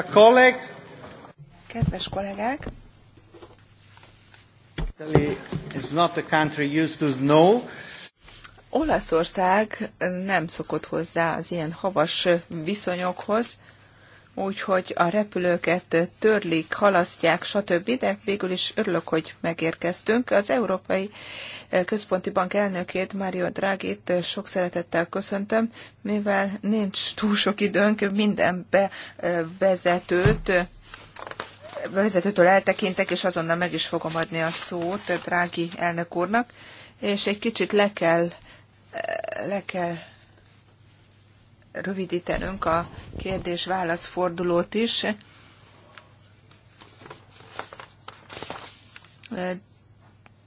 colleagues. Kedves kollégák. Italy is not a country used to snow. Olaszország nem szokott hozzá az ilyen havas viszonyokhoz úgyhogy a repülőket törlik, halasztják, stb., de végül is örülök, hogy megérkeztünk. Az Európai Központi Bank elnökét, Mário Drágit sok szeretettel köszöntöm, mivel nincs túl sok időnk, minden bevezetőt vezetőtől eltekintek, és azonnal meg is fogom adni a szót drági elnök úrnak, és egy kicsit le kell, le kell rövidítenünk a kérdés-válasz fordulót is.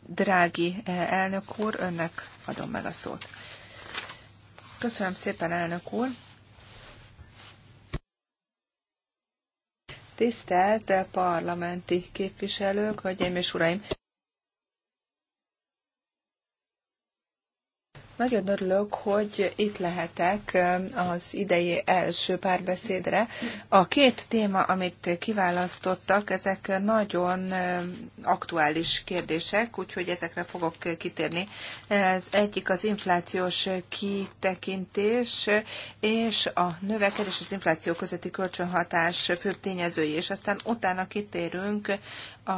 Drági elnök úr, önnek adom meg a szót. Köszönöm szépen, elnök úr! Tisztelt parlamenti képviselők, hogy én és uraim! Nagyon örülök, hogy itt lehetek az idei első párbeszédre. A két téma, amit kiválasztottak, ezek nagyon aktuális kérdések, úgyhogy ezekre fogok kitérni. Ez egyik az inflációs kitekintés és a növekedés az infláció közötti kölcsönhatás főbb tényezői, és aztán utána kitérünk a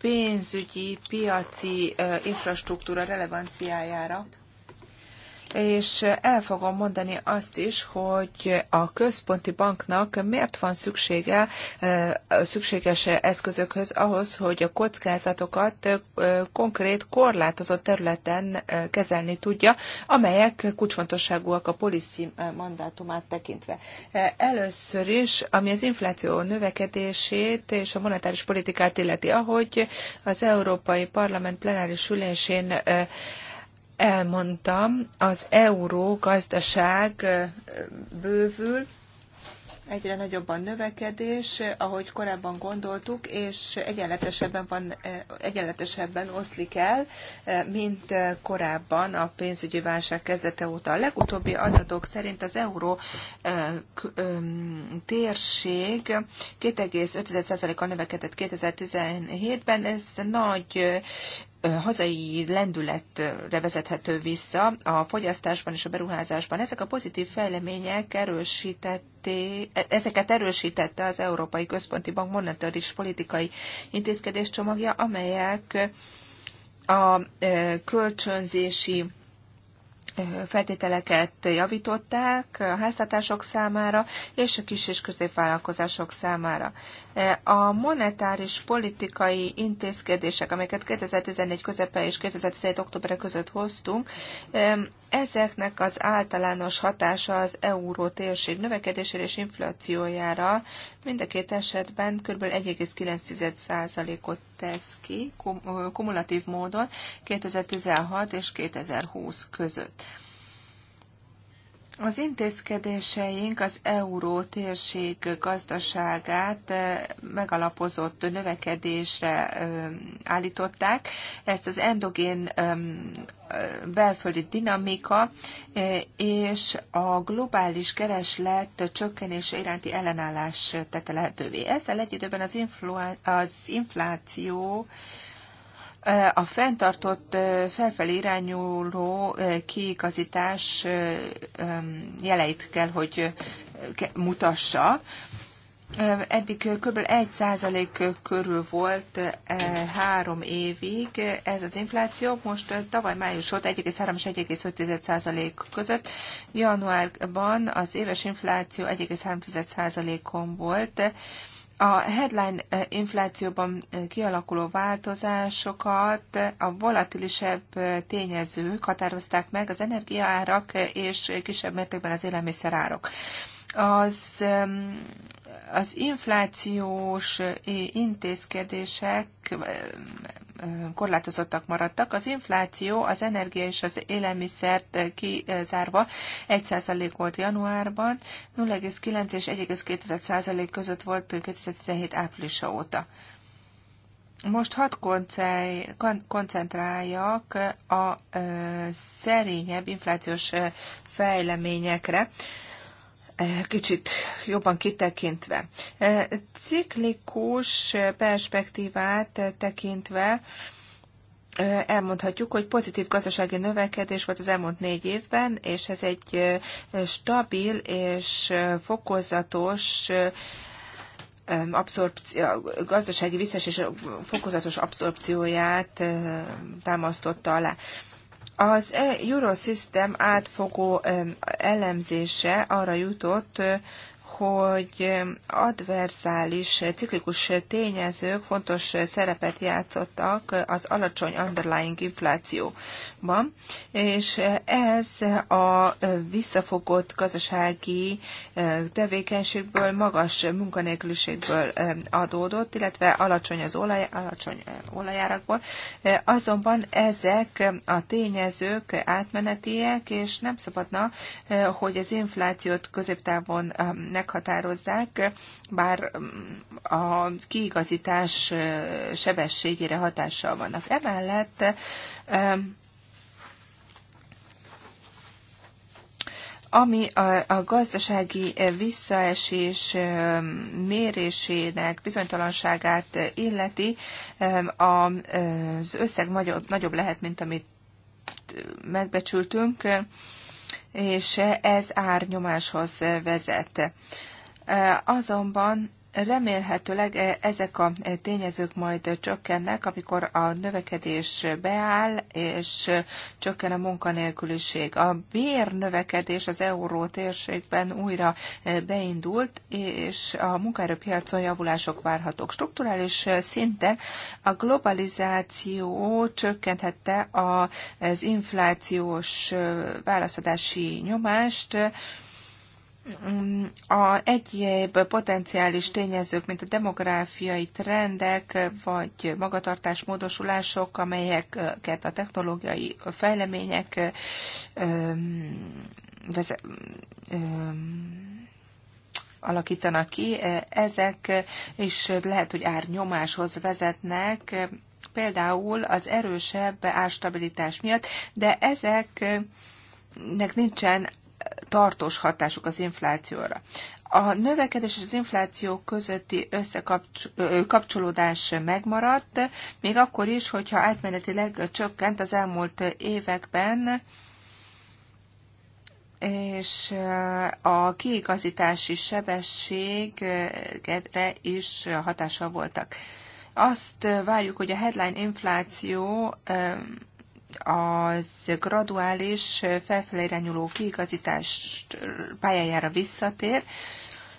pénzügyi, piaci infrastruktúra relevanciájára és el fogom mondani azt is, hogy a központi banknak miért van szüksége szükséges eszközökhöz ahhoz, hogy a kockázatokat konkrét, korlátozott területen kezelni tudja, amelyek kulcsfontosságúak a policy mandátumát tekintve. Először is, ami az infláció növekedését és a monetáris politikát illeti, ahogy az Európai Parlament plenáris ülésén elmondtam, az euró gazdaság bővül, egyre nagyobb a növekedés, ahogy korábban gondoltuk, és egyenletesebben, van, egyenletesebben oszlik el, mint korábban a pénzügyi válság kezdete óta. A legutóbbi adatok szerint az euró térség 2,5%-kal növekedett 2017-ben, ez nagy hazai lendületre vezethető vissza a fogyasztásban és a beruházásban. Ezek a pozitív fejlemények erősítették, e, ezeket erősítette az Európai Központi Bank monetáris politikai intézkedés csomagja, amelyek a kölcsönzési feltételeket javították a háztartások számára és a kis- és középvállalkozások számára. A monetáris politikai intézkedések, amelyeket 2011 közepe és 2017 október között hoztunk, ezeknek az általános hatása az euró térség növekedésére és inflációjára mind a két esetben kb. 1,9%-ot tesz ki kumulatív módon 2016 és 2020 között. Az intézkedéseink az euró térség gazdaságát megalapozott növekedésre állították. Ezt az endogén belföldi dinamika és a globális kereslet csökkenése iránti ellenállás tette lehetővé. Ezzel egy időben az, az infláció a fenntartott felfelé irányuló kiigazítás jeleit kell, hogy mutassa. Eddig kb. 1% körül volt három évig ez az infláció, most tavaly május óta 1,3 és 1,5% között. Januárban az éves infláció 1,3%-on volt, a headline eh, inflációban eh, kialakuló változásokat a volatilisebb eh, tényezők határozták meg, az energiaárak és kisebb mértékben az élelmiszerárak. Az, az inflációs intézkedések korlátozottak maradtak. Az infláció az energia és az élelmiszert kizárva 1% volt januárban, 0,9 és 1,2% között volt 2017 áprilisa óta. Most hat koncentráljak a szerényebb inflációs fejleményekre Eh, kicsit jobban kitekintve. Eh, ciklikus perspektívát tekintve eh, elmondhatjuk, hogy pozitív gazdasági növekedés volt az elmúlt négy évben, és ez egy stabil és fokozatos abszorpció, gazdasági visszaesés fokozatos abszorpcióját támasztotta alá. Az Eurosystem átfogó elemzése arra jutott, hogy adverzális, ciklikus tényezők fontos szerepet játszottak az alacsony underlying inflációban, és ez a visszafogott gazdasági tevékenységből, magas munkanélküliségből adódott, illetve alacsony az olaj, alacsony olajárakból. Azonban ezek a tényezők átmenetiek, és nem szabadna, hogy az inflációt középtávon ne meghatározzák, bár mm, a kiigazítás sebességére hatással vannak. Emellett ami a, a gazdasági visszaesés mérésének bizonytalanságát illeti, az összeg nagyobb, nagyobb lehet, mint amit megbecsültünk és ez árnyomáshoz vezet. Azonban remélhetőleg e, ezek a e, tényezők majd csökkennek, amikor a növekedés beáll, és csökken a munkanélküliség. A bérnövekedés az euró térségben újra e, beindult, és a munkaerőpiacon javulások várhatók. Strukturális szinten a globalizáció csökkenthette az inflációs válaszadási nyomást, Mm, a egyéb potenciális tényezők, mint a demográfiai trendek, vagy magatartás módosulások, amelyeket a technológiai fejlemények alakítanak ki, e, ezek is lehet, hogy árnyomáshoz vezetnek, például az erősebb árstabilitás miatt, de ezeknek nincsen tartós hatásuk az inflációra. A növekedés és az infláció közötti összekapcsolódás megmaradt, még akkor is, hogyha átmenetileg csökkent az elmúlt években, és a kiigazítási sebességre is hatása voltak. Azt várjuk, hogy a headline infláció az graduális felfelére nyúló kiigazítás pályájára visszatér,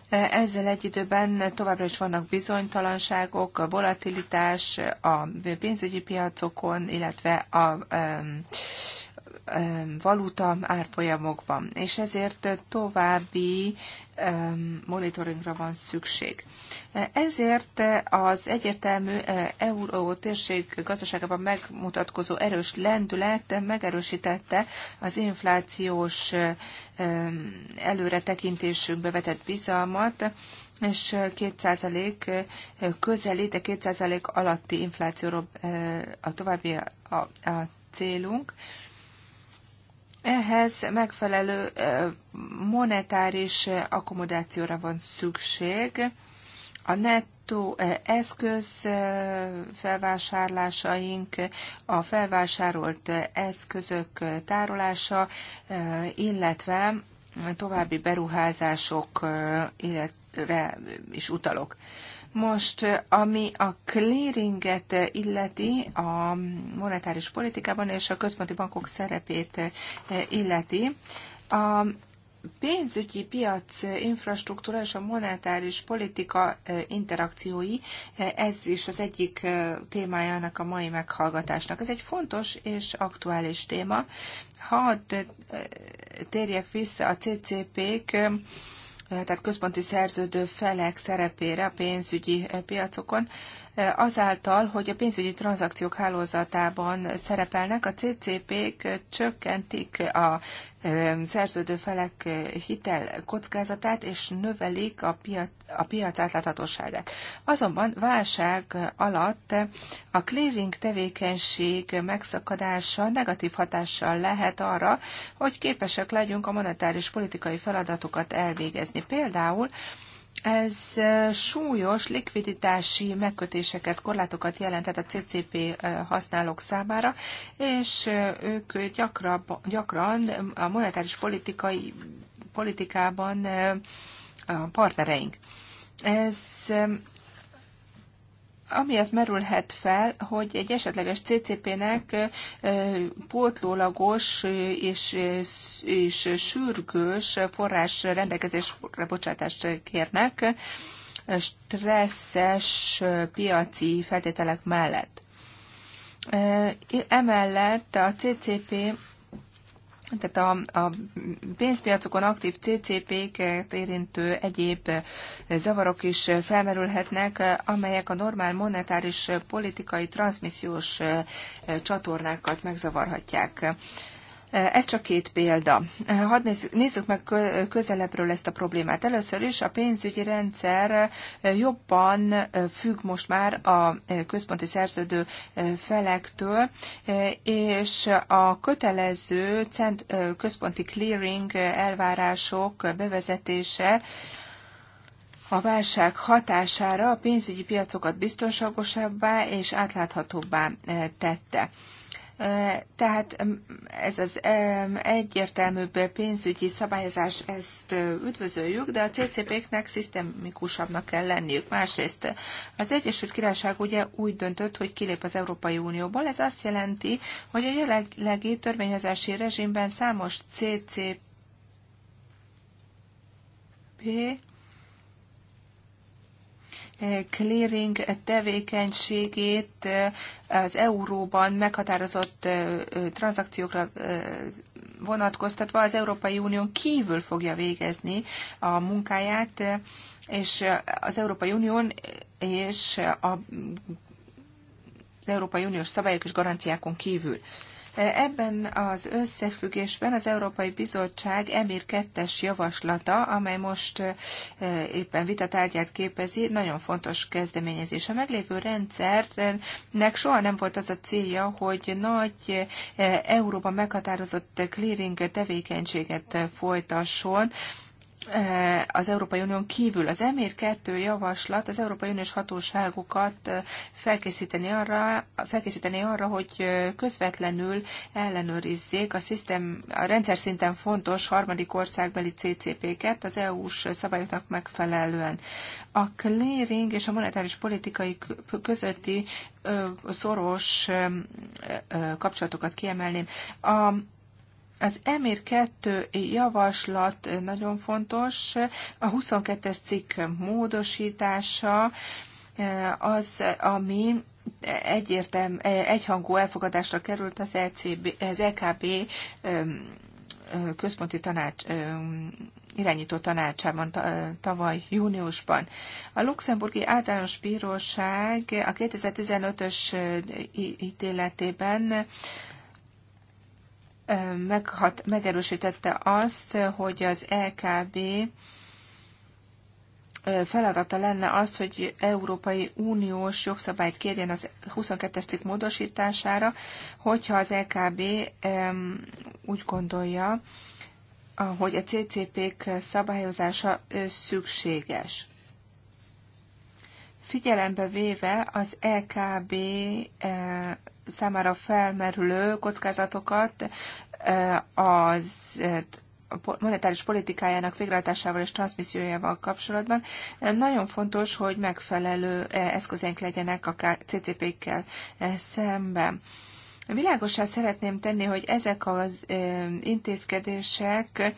ezzel egy időben továbbra is vannak bizonytalanságok, a volatilitás a pénzügyi piacokon, illetve a valuta árfolyamokban, és ezért további monitoringra van szükség. Ezért az egyértelmű eh, euró térség gazdaságában megmutatkozó erős lendület megerősítette az inflációs eh, előretekintésünkbe vetett bizalmat, és 2% eh, közeli, de 2% alatti inflációról a további a, a célunk. Ehhez megfelelő monetáris akkomodációra van szükség, a nettó eh, eszköz eh, felvásárlásaink, a felvásárolt eh, eszközök tárolása, illetve további beruházásokra is utalok. Most, ami a clearinget illeti a monetáris politikában és a központi bankok szerepét illeti, a pénzügyi piac eh, infrastruktúra és a monetáris politika eh, interakciói, eh, ez is az egyik témájának a mai meghallgatásnak. Ez egy fontos és aktuális téma. Ha térjek vissza a CCP-k tehát központi szerződő felek szerepére a pénzügyi piacokon azáltal, hogy a pénzügyi tranzakciók hálózatában szerepelnek, a CCP-k csökkentik a szerződő felek hitel kockázatát, és növelik a piac, a piac átláthatóságát. Azonban válság alatt a clearing tevékenység megszakadása negatív hatással lehet arra, hogy képesek legyünk a monetáris politikai feladatokat elvégezni. Például ez súlyos likviditási megkötéseket, korlátokat jelentett a CCP használók számára, és ők gyakrab, gyakran a monetáris politikai, politikában partnereink. Ez amiatt merülhet fel, hogy egy esetleges CCP-nek pótlólagos és, és sürgős forrás rendelkezésre bocsátást kérnek stresszes piaci feltételek mellett. Emellett a CCP tehát a, a pénzpiacokon aktív CCP-ket érintő egyéb eh, zavarok is eh, felmerülhetnek, eh, amelyek a normál monetáris politikai transmissziós csatornákat megzavarhatják. Ez csak két példa. Hadd nézzük, nézzük meg közelebbről ezt a problémát. Először is a pénzügyi rendszer e, jobban e, függ most már a e, központi szerződő felektől, és a kötelező cent, központi clearing elvárások bevezetése a válság hatására a pénzügyi piacokat biztonságosabbá és átláthatóbbá tette. Tehát ez az egyértelműbb pénzügyi szabályozás, ezt üdvözöljük, de a CCP-knek szisztemikusabbnak kell lenniük. Másrészt az Egyesült Királyság ugye úgy döntött, hogy kilép az Európai Unióból. Ez azt jelenti, hogy a jelenlegi törvényezési rezsimben számos CCP clearing tevékenységét az euróban meghatározott tranzakciókra vonatkoztatva az Európai Unión kívül fogja végezni a munkáját, és az Európai Unión és a, az Európai Uniós szabályok és garanciákon kívül. Ebben az összefüggésben az Európai Bizottság Emir 2 javaslata, amely most eh, éppen vitatárgyát képezi, nagyon fontos kezdeményezés. A meglévő rendszernek soha nem volt az a célja, hogy nagy eh, euróban meghatározott clearing tevékenységet folytasson, Eh, az Európai Unión kívül. Az EMIR 2 javaslat az Európai Uniós hatóságokat eh, felkészíteni arra, felkészíteni arra hogy eh, közvetlenül ellenőrizzék a, szisztem, a rendszer szinten fontos harmadik országbeli CCP-ket az EU-s szabályoknak megfelelően. A clearing és a monetáris politikai közötti szoros kapcsolatokat kiemelném. A az EMIR 2 javaslat nagyon fontos, a 22-es cikk módosítása eh, az, ami egyértelm eh, egyhangú elfogadásra került az, ECB, az EKB eh, központi tanács irányító tanácsában tavaly júniusban. A luxemburgi általános bíróság a 2015-ös ítéletében meghat, megerősítette azt, hogy az LKB feladata lenne az, hogy Európai Uniós jogszabályt kérjen az 22-es cikk módosítására, hogyha az LKB úgy gondolja, hogy a CCP-k szabályozása szükséges. Figyelembe véve az LKB számára felmerülő kockázatokat az monetáris politikájának végrehajtásával és transmissziójával kapcsolatban. Nagyon fontos, hogy megfelelő eszközénk legyenek a CCP-kkel szemben. Világosá szeretném tenni, hogy ezek az intézkedések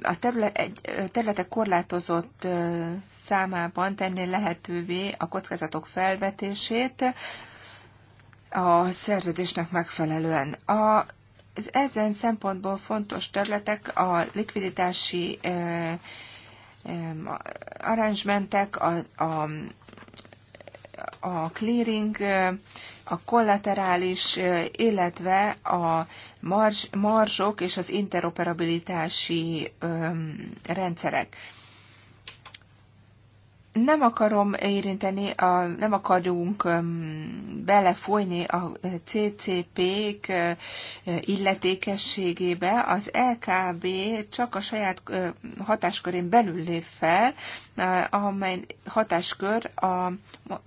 a területek korlátozott számában tenni lehetővé a kockázatok felvetését, a szerződésnek megfelelően. A az ezen szempontból fontos területek a likviditási arrangementek, a, a, a clearing, a kollaterális, illetve a marzs, marzsok és az interoperabilitási rendszerek nem akarom érinteni, a, nem akarunk belefolyni a CCP-k illetékességébe. Az LKB csak a saját hatáskörén belül lép fel, amely hatáskör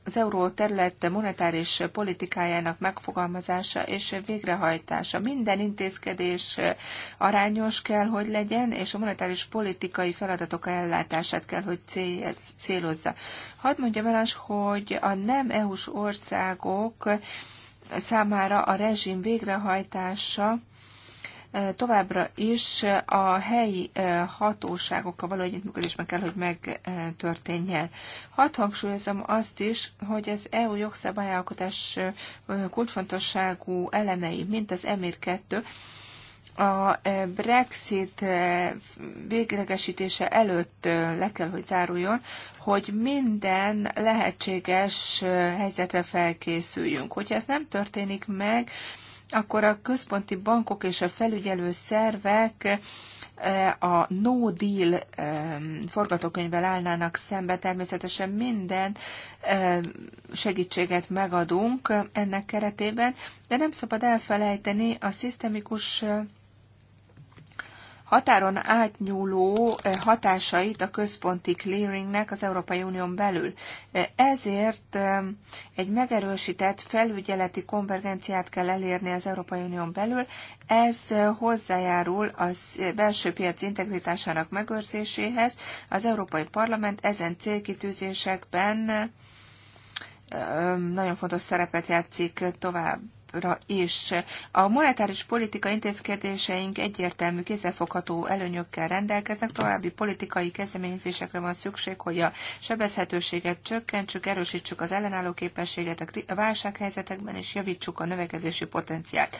az euró terület monetáris politikájának megfogalmazása és végrehajtása. Minden intézkedés arányos kell, hogy legyen, és a monetáris politikai feladatok ellátását kell, hogy célhoz hozzá. Hadd mondjam el, hogy a nem EU-s országok számára a rezsim végrehajtása továbbra is a helyi hatóságokkal való együttműködésben kell, hogy megtörténjen. Hadd hangsúlyozom azt is, hogy az EU jogszabályalkotás kulcsfontosságú elemei, mint az EMIR 2, a e, Brexit e, véglegesítése előtt e, le kell, hogy záruljon, hogy minden lehetséges helyzetre felkészüljünk. Hogyha ez nem történik meg, akkor a központi bankok és a felügyelő szervek a no deal forgatókönyvvel állnának szembe, természetesen minden segítséget megadunk ennek keretében, de nem szabad elfelejteni a szisztemikus határon átnyúló eh, hatásait a központi clearingnek az Európai Unión belül. Eh, ezért eh, egy megerősített felügyeleti konvergenciát kell elérni az Európai Unión belül. Ez hozzájárul az belső piac integritásának megőrzéséhez. Az Európai Parlament ezen célkitűzésekben nagyon fontos szerepet játszik tovább piacra is. A monetáris politika intézkedéseink egyértelmű, kézzelfogható előnyökkel rendelkeznek, további politikai kezdeményezésekre van szükség, hogy a sebezhetőséget csökkentsük, erősítsük az ellenálló képességet a válsághelyzetekben, és javítsuk a növekedési potenciált.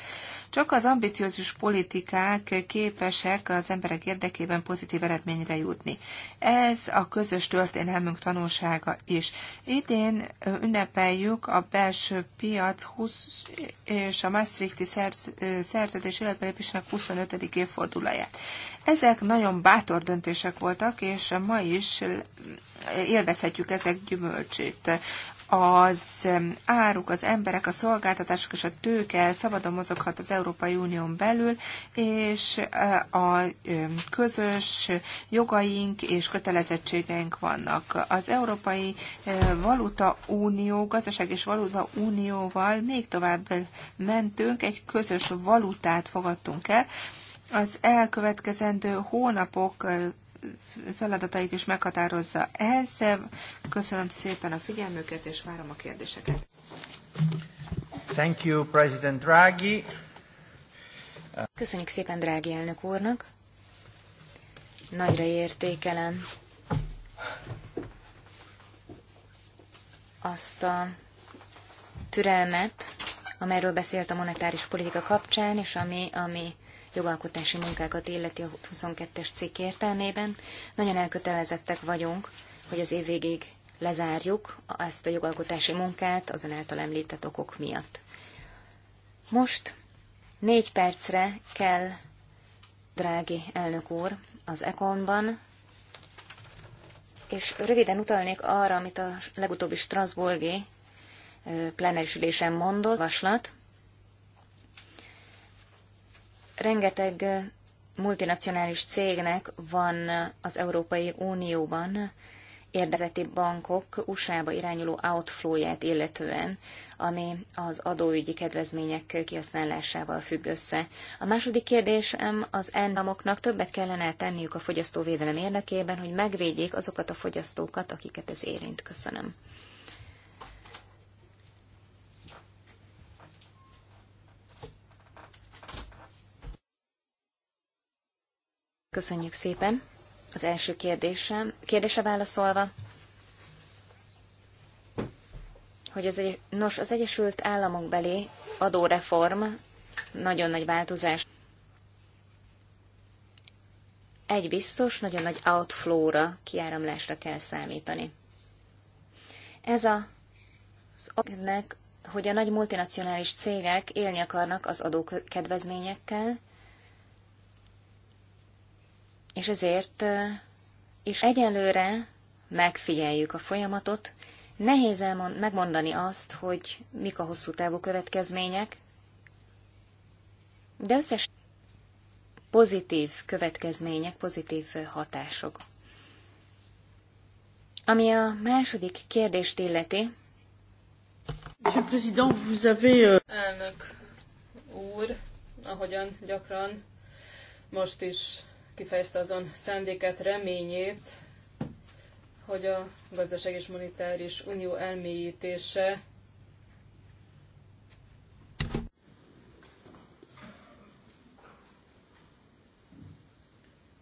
Csak az ambiciózus politikák képesek az emberek érdekében pozitív eredményre jutni. Ez a közös történelmünk tanulsága is. Idén ünnepeljük a belső piac 20 és a Maastrichti szerződés életbelépésének 25. évfordulóját. Ezek nagyon bátor döntések voltak, és ma is élvezhetjük ezek gyümölcsét az áruk, az emberek, a szolgáltatások és a tőke szabadon mozoghat az Európai Unión belül, és eh, a közös jogaink és kötelezettségeink vannak. Az Európai eh, Valuta Unió, Gazdaság és Valuta Unióval még tovább mentünk, egy közös valutát fogadtunk el, az elkövetkezendő hónapok feladatait is meghatározza. Ehhez köszönöm szépen a figyelmüket, és várom a kérdéseket. Thank you, President Draghi. Köszönjük szépen, drági elnök úrnak. Nagyra értékelem azt a türelmet, amelyről beszélt a monetáris politika kapcsán, és ami, ami jogalkotási munkákat illeti a 22-es cikk értelmében. Nagyon elkötelezettek vagyunk, hogy az év végéig lezárjuk ezt a jogalkotási munkát azon által említett okok miatt. Most négy percre kell, drági elnök úr, az Ekonban, és röviden utalnék arra, amit a legutóbbi Strasburgi plenáris ülésen mondott, vaslat, Rengeteg multinacionális cégnek van az Európai Unióban érdezeti bankok USA-ba irányuló outflowját illetően, ami az adóügyi kedvezmények kihasználásával függ össze. A második kérdésem az államoknak többet kellene tenniük a fogyasztóvédelem érdekében, hogy megvédjék azokat a fogyasztókat, akiket ez érint. Köszönöm. Köszönjük szépen. Az első kérdésem, kérdése válaszolva, hogy az, egy, nos, az Egyesült Államok belé adóreform nagyon nagy változás. Egy biztos, nagyon nagy outflow-ra, kiáramlásra kell számítani. Ez a, az adóknak, hogy a nagy multinacionális cégek élni akarnak az adókedvezményekkel, és ezért és egyelőre megfigyeljük a folyamatot. Nehéz elmond, megmondani azt, hogy mik a hosszú távú következmények, de összes pozitív következmények, pozitív hatások. Ami a második kérdést illeti. Monsieur vous avez... Euh, Elnök úr, ahogyan gyakran most is kifejezte azon szándékát, reményét, hogy a gazdaság és monetáris unió elmélyítése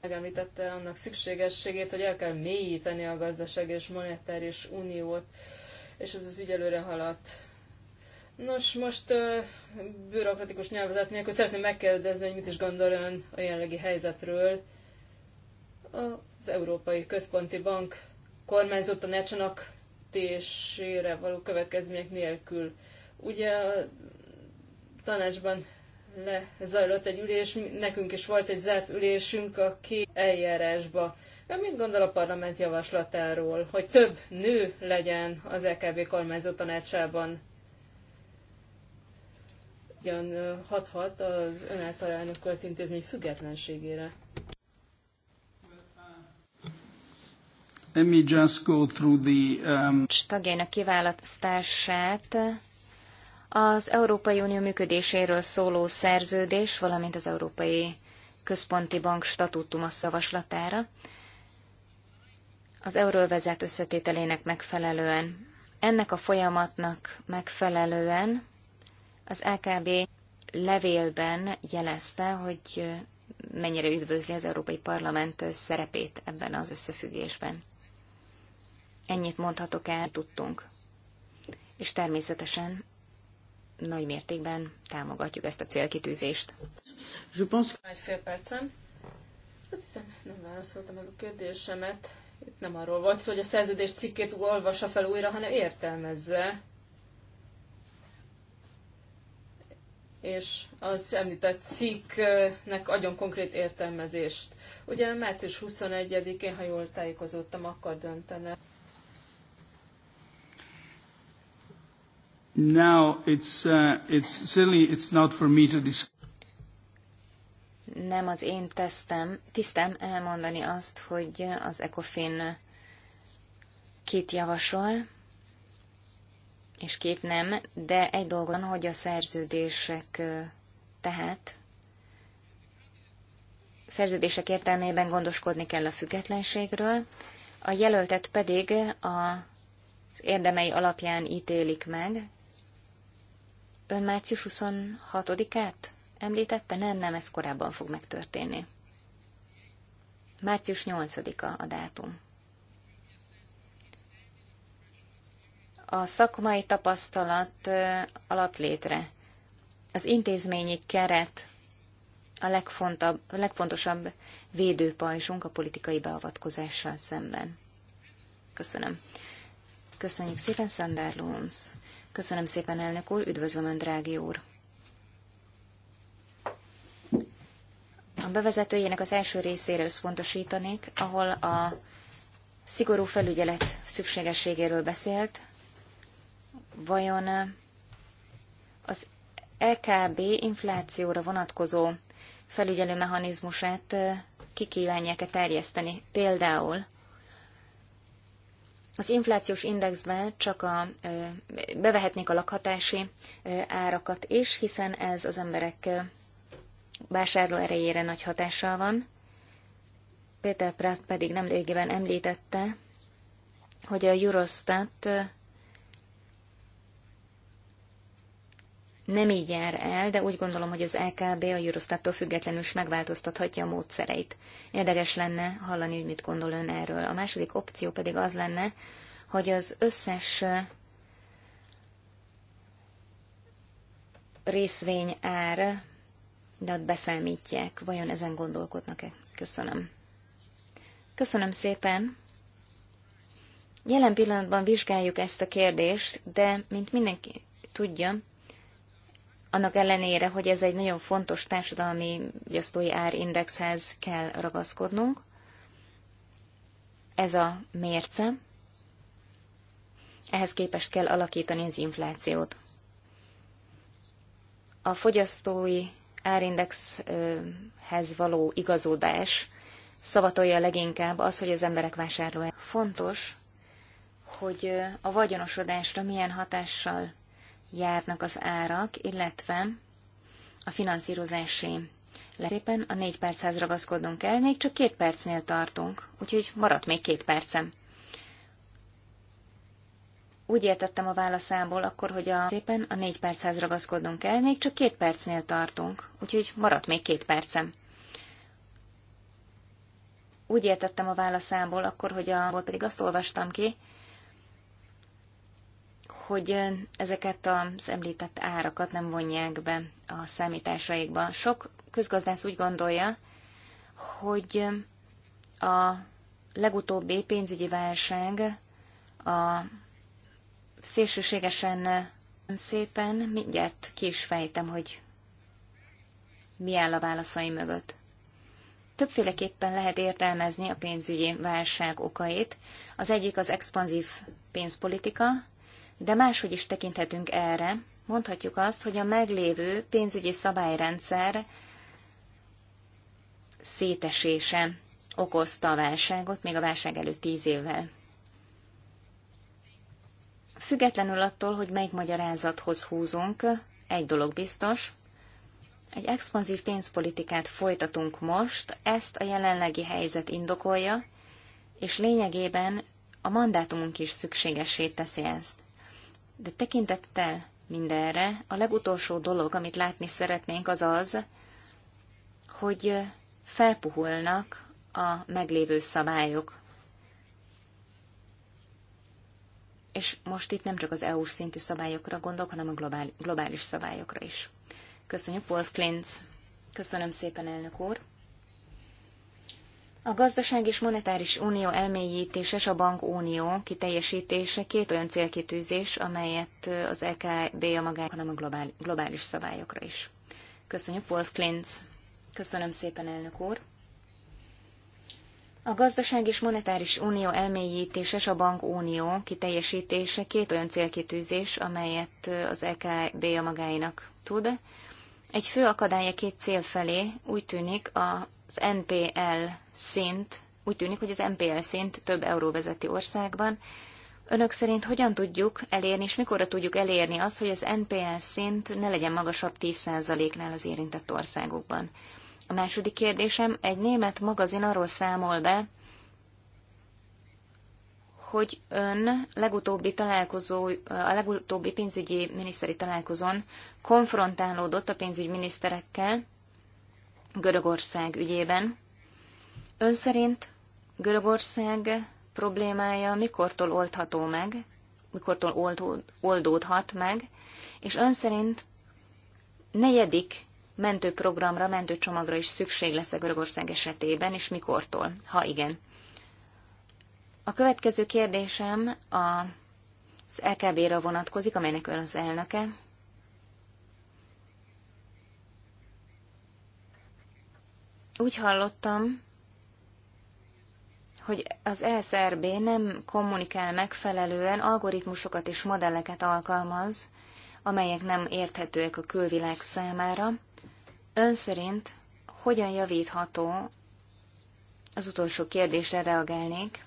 megemlítette annak szükségességét, hogy el kell mélyíteni a gazdaság és monetáris uniót, és ez az ügy előre haladt. Nos, most bürokratikus nyelvezet nélkül szeretném megkérdezni, hogy mit is gondol ön a jelenlegi helyzetről. Az Európai Központi Bank kormányzott tanácsának tésére való következmények nélkül. Ugye a tanácsban lezajlott egy ülés, nekünk is volt egy zárt ülésünk a két eljárásba. Ön mit gondol a parlament javaslatáról, hogy több nő legyen az EKB kormányzó tanácsában? hogyan hathat az ön által elnökölt intézmény függetlenségére. Let me just go through the, um... tagjainak kiválasztását az Európai Unió működéséről szóló szerződés, valamint az Európai Központi Bank statútuma szavaslatára az euróvezet összetételének megfelelően. Ennek a folyamatnak megfelelően az LKB levélben jelezte, hogy mennyire üdvözli az Európai Parlament szerepét ebben az összefüggésben. Ennyit mondhatok el, tudtunk. És természetesen nagy mértékben támogatjuk ezt a célkitűzést. Je pense... Egy fél percem. Azt hiszem, nem válaszoltam meg a kérdésemet. Itt nem arról volt szó, hogy a szerződés cikkét olvassa fel újra, hanem értelmezze. és az említett cikknek nagyon konkrét értelmezést. Ugye március 21-én, ha jól tájékozódtam, akkor döntene. Now it's, uh, it's silly, it's not for me to discuss. Nem az én tesztem, tisztem elmondani azt, hogy az ECOFIN két javasol és két nem, de egy dolgon, hogy a szerződések tehát szerződések értelmében gondoskodni kell a függetlenségről, a jelöltet pedig az érdemei alapján ítélik meg. Ön március 26-át említette? Nem, nem, ez korábban fog megtörténni. Március 8-a a dátum. a szakmai tapasztalat létre. Az intézményi keret a legfontabb, legfontosabb védőpajzsunk a politikai beavatkozással szemben. Köszönöm. Köszönjük szépen, Szandár Lóns. Köszönöm szépen, elnök úr, üdvözlöm ön, drági úr. A bevezetőjének az első részére összpontosítanék, ahol a szigorú felügyelet szükségességéről beszélt, vajon eh, az EKB inflációra vonatkozó felügyelő mechanizmusát eh, ki kívánják-e terjeszteni. Például az inflációs indexbe csak a, eh, bevehetnék a lakhatási árakat is, hiszen ez az emberek vásárló erejére nagy hatással van. Péter Prát pedig nemrégiben említette, hogy a Eurostat nem így jár el, de úgy gondolom, hogy az LKB e a Eurostattól függetlenül is megváltoztathatja a módszereit. Érdekes lenne hallani, hogy mit gondol ön erről. A második opció pedig az lenne, hogy az összes részvény ár, de ott beszámítják. Vajon ezen gondolkodnak-e? Köszönöm. Köszönöm szépen. Jelen pillanatban vizsgáljuk ezt a kérdést, de mint mindenki tudja, annak ellenére, hogy ez egy nagyon fontos társadalmi gyasztói árindexhez kell ragaszkodnunk. Ez a mérce. Ehhez képest kell alakítani az inflációt. A fogyasztói árindexhez való igazodás szavatolja leginkább az, hogy az emberek vásárolják. Fontos, hogy a vagyonosodásra milyen hatással járnak az árak, illetve a finanszírozási Szépen a négy perchez ragaszkodnunk kell, még csak két percnél tartunk, úgyhogy maradt még két percem. Úgy értettem a válaszából akkor, hogy a szépen a négy perchez ragaszkodnunk kell, még csak két percnél tartunk, úgyhogy maradt még két percem. Úgy értettem a válaszából akkor, hogy a volt pedig azt olvastam ki, hogy ezeket az említett árakat nem vonják be a számításaikba. Sok közgazdász úgy gondolja, hogy a legutóbbi pénzügyi válság a szélsőségesen nem szépen, mindjárt ki is fejtem, hogy mi áll a válaszai mögött. Többféleképpen lehet értelmezni a pénzügyi válság okait. Az egyik az expanzív pénzpolitika, de máshogy is tekinthetünk erre. Mondhatjuk azt, hogy a meglévő pénzügyi szabályrendszer szétesése okozta a válságot még a válság előtt tíz évvel. Függetlenül attól, hogy melyik magyarázathoz húzunk, egy dolog biztos, egy expanzív pénzpolitikát folytatunk most, ezt a jelenlegi helyzet indokolja, és lényegében a mandátumunk is szükségessé teszi ezt. De tekintettel mindenre a legutolsó dolog, amit látni szeretnénk, az az, hogy felpuhulnak a meglévő szabályok. És most itt nem csak az EU-s szintű szabályokra gondolok, hanem a globális szabályokra is. Köszönjük, Wolf Klintz. Köszönöm szépen, elnök úr. A gazdaság és monetáris unió elmélyítése és a bankunió kiteljesítése két olyan célkitűzés, amelyet az EKB a magának, hanem a globális szabályokra is. Köszönjük, Wolf Klintz. Köszönöm szépen, elnök úr. A gazdaság és monetáris unió elmélyítése és a bankunió kiteljesítése két olyan célkitűzés, amelyet az EKB a magáinak tud. Egy fő akadálya két cél felé úgy tűnik a az NPL szint, úgy tűnik, hogy az NPL szint több euróvezeti országban. Önök szerint hogyan tudjuk elérni, és mikorra tudjuk elérni azt, hogy az NPL szint ne legyen magasabb 10%-nál az érintett országokban? A második kérdésem, egy német magazin arról számol be, hogy ön legutóbbi találkozó, a legutóbbi pénzügyi miniszteri találkozón konfrontálódott a pénzügyminiszterekkel, Görögország ügyében. Ön szerint Görögország problémája mikortól oldható meg, mikortól oldódhat meg, és ön szerint negyedik mentőprogramra, mentőcsomagra is szükség lesz a Görögország esetében, és mikortól, ha igen. A következő kérdésem az LKB-ra vonatkozik, amelynek ön az elnöke. Úgy hallottam, hogy az e SRB nem kommunikál megfelelően, algoritmusokat és modelleket alkalmaz, amelyek nem érthetőek a külvilág számára. Ön szerint hogyan javítható? Az utolsó kérdésre reagálnék.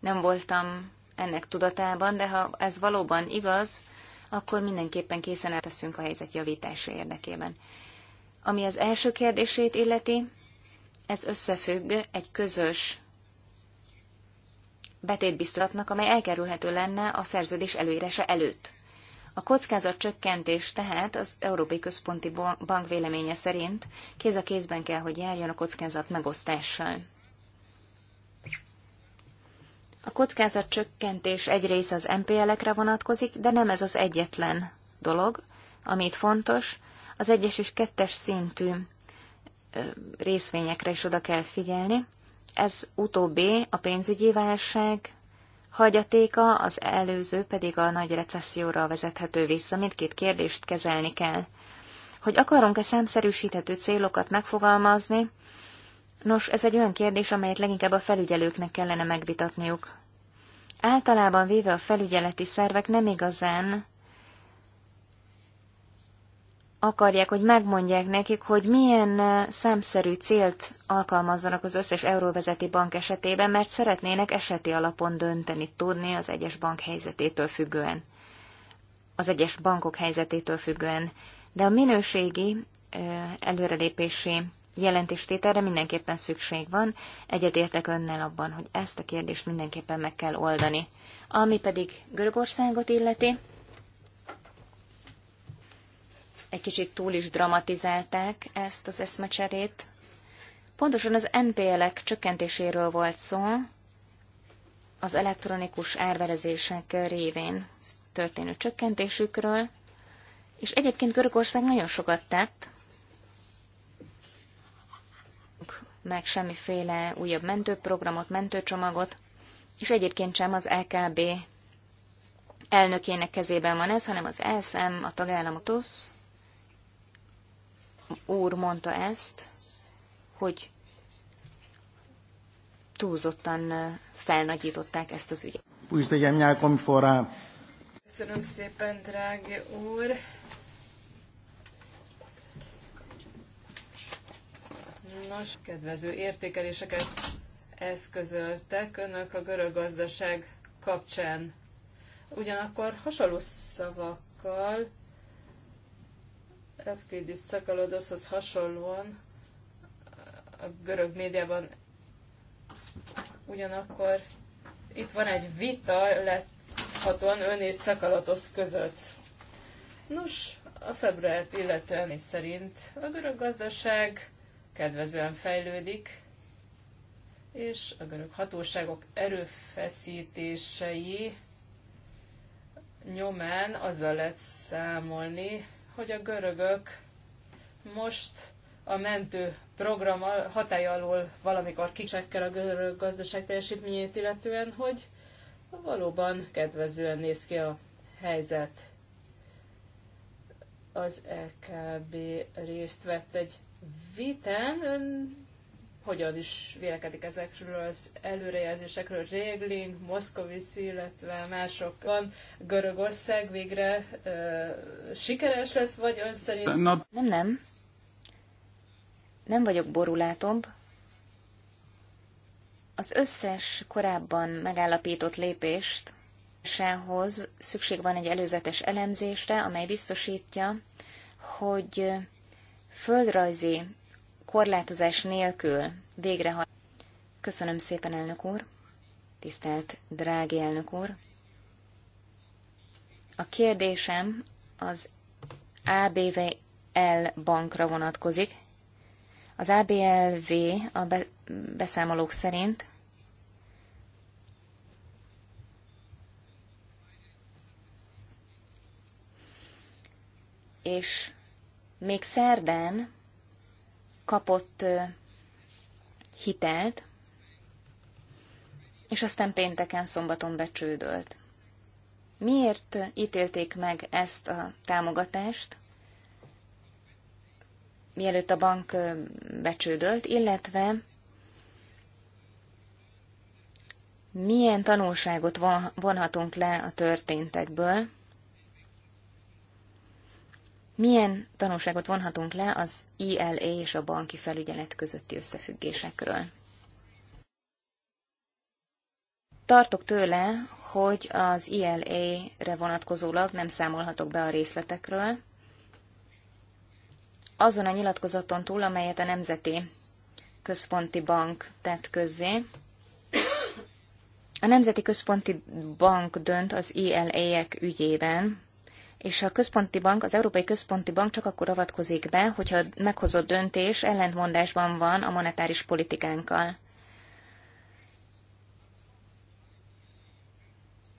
Nem voltam ennek tudatában, de ha ez valóban igaz, akkor mindenképpen készen elteszünk a helyzet javítása érdekében. Ami az első kérdését illeti, ez összefügg egy közös betétbiztosatnak, amely elkerülhető lenne a szerződés előírása előtt. A kockázat csökkentés tehát az Európai Központi Bank véleménye szerint kéz a kézben kell, hogy járjon a kockázat megosztással. A kockázat csökkentés egy része az MPL-ekre vonatkozik, de nem ez az egyetlen dolog, amit fontos, az egyes és kettes szintű részvényekre is oda kell figyelni. Ez utóbbi a pénzügyi válság hagyatéka, az előző pedig a nagy recesszióra vezethető vissza. Mindkét kérdést kezelni kell. Hogy akarunk-e számszerűsíthető célokat megfogalmazni? Nos, ez egy olyan kérdés, amelyet leginkább a felügyelőknek kellene megvitatniuk. Általában véve a felügyeleti szervek nem igazán akarják, hogy megmondják nekik, hogy milyen számszerű célt alkalmazzanak az összes euróvezeti bank esetében, mert szeretnének eseti alapon dönteni tudni az egyes bank helyzetétől függően, az egyes bankok helyzetétől függően. De a minőségi előrelépési jelentéstételre mindenképpen szükség van, egyetértek önnel abban, hogy ezt a kérdést mindenképpen meg kell oldani. Ami pedig Görögországot illeti, egy kicsit túl is dramatizálták ezt az eszmecserét. Pontosan az NPL-ek csökkentéséről volt szó az elektronikus árverezések révén történő csökkentésükről, és egyébként Görögország nagyon sokat tett, meg semmiféle újabb mentőprogramot, mentőcsomagot, és egyébként sem az LKB elnökének kezében van ez, hanem az ESM, a tagállamok úr mondta ezt, hogy túlzottan felnagyították ezt az ügyet. Köszönöm szépen, drági úr! Nos, kedvező értékeléseket eszközöltek önök a görög gazdaság kapcsán. Ugyanakkor hasonló szavakkal Evklidis Cekalodoshoz hasonlóan a görög médiában ugyanakkor itt van egy vita láthatóan ön és Cekalodosz között. Nos, a februárt illetően is szerint a görög gazdaság kedvezően fejlődik, és a görög hatóságok erőfeszítései nyomán azzal lehet számolni, hogy a görögök most a mentő program hatája alól valamikor kicsekkel a görög gazdaság teljesítményét illetően, hogy valóban kedvezően néz ki a helyzet. Az LKB e részt vett egy viten, hogyan is vélekedik ezekről az előrejelzésekről. Régling, Moszkovici, illetve mások van. Görögország végre ö, sikeres lesz, vagy ön szerint? Nem, nem. Nem vagyok borulátomb. Az összes korábban megállapított lépést sehoz szükség van egy előzetes elemzésre, amely biztosítja, hogy földrajzi korlátozás nélkül végrehajt. Köszönöm szépen, elnök úr! Tisztelt drági elnök úr! A kérdésem az ABVL bankra vonatkozik. Az ABLV a beszámolók szerint és még szerdán kapott hitelt, és aztán pénteken, szombaton becsődölt. Miért ítélték meg ezt a támogatást, mielőtt a bank becsődölt, illetve milyen tanulságot vonhatunk le a történtekből, milyen tanulságot vonhatunk le az ILE és a banki felügyelet közötti összefüggésekről? Tartok tőle, hogy az ILA-re vonatkozólag nem számolhatok be a részletekről, azon a nyilatkozaton túl, amelyet a Nemzeti Központi Bank tett közzé. A Nemzeti Központi Bank dönt az ILA-ek ügyében, és a központi bank, az Európai Központi Bank csak akkor avatkozik be, hogyha a meghozott döntés ellentmondásban van a monetáris politikánkkal.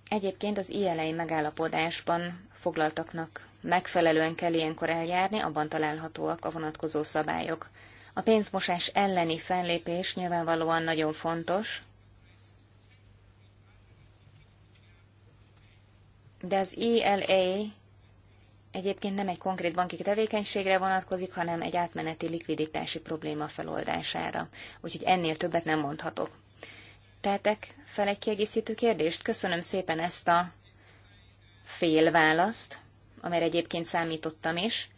Egyébként az ILA megállapodásban foglaltaknak megfelelően kell ilyenkor eljárni, abban találhatóak a vonatkozó szabályok. A pénzmosás elleni fellépés nyilvánvalóan nagyon fontos, de az ELA egyébként nem egy konkrét banki tevékenységre vonatkozik, hanem egy átmeneti likviditási probléma feloldására. Úgyhogy ennél többet nem mondhatok. Tehetek fel egy kiegészítő kérdést? Köszönöm szépen ezt a választ, amire egyébként számítottam is.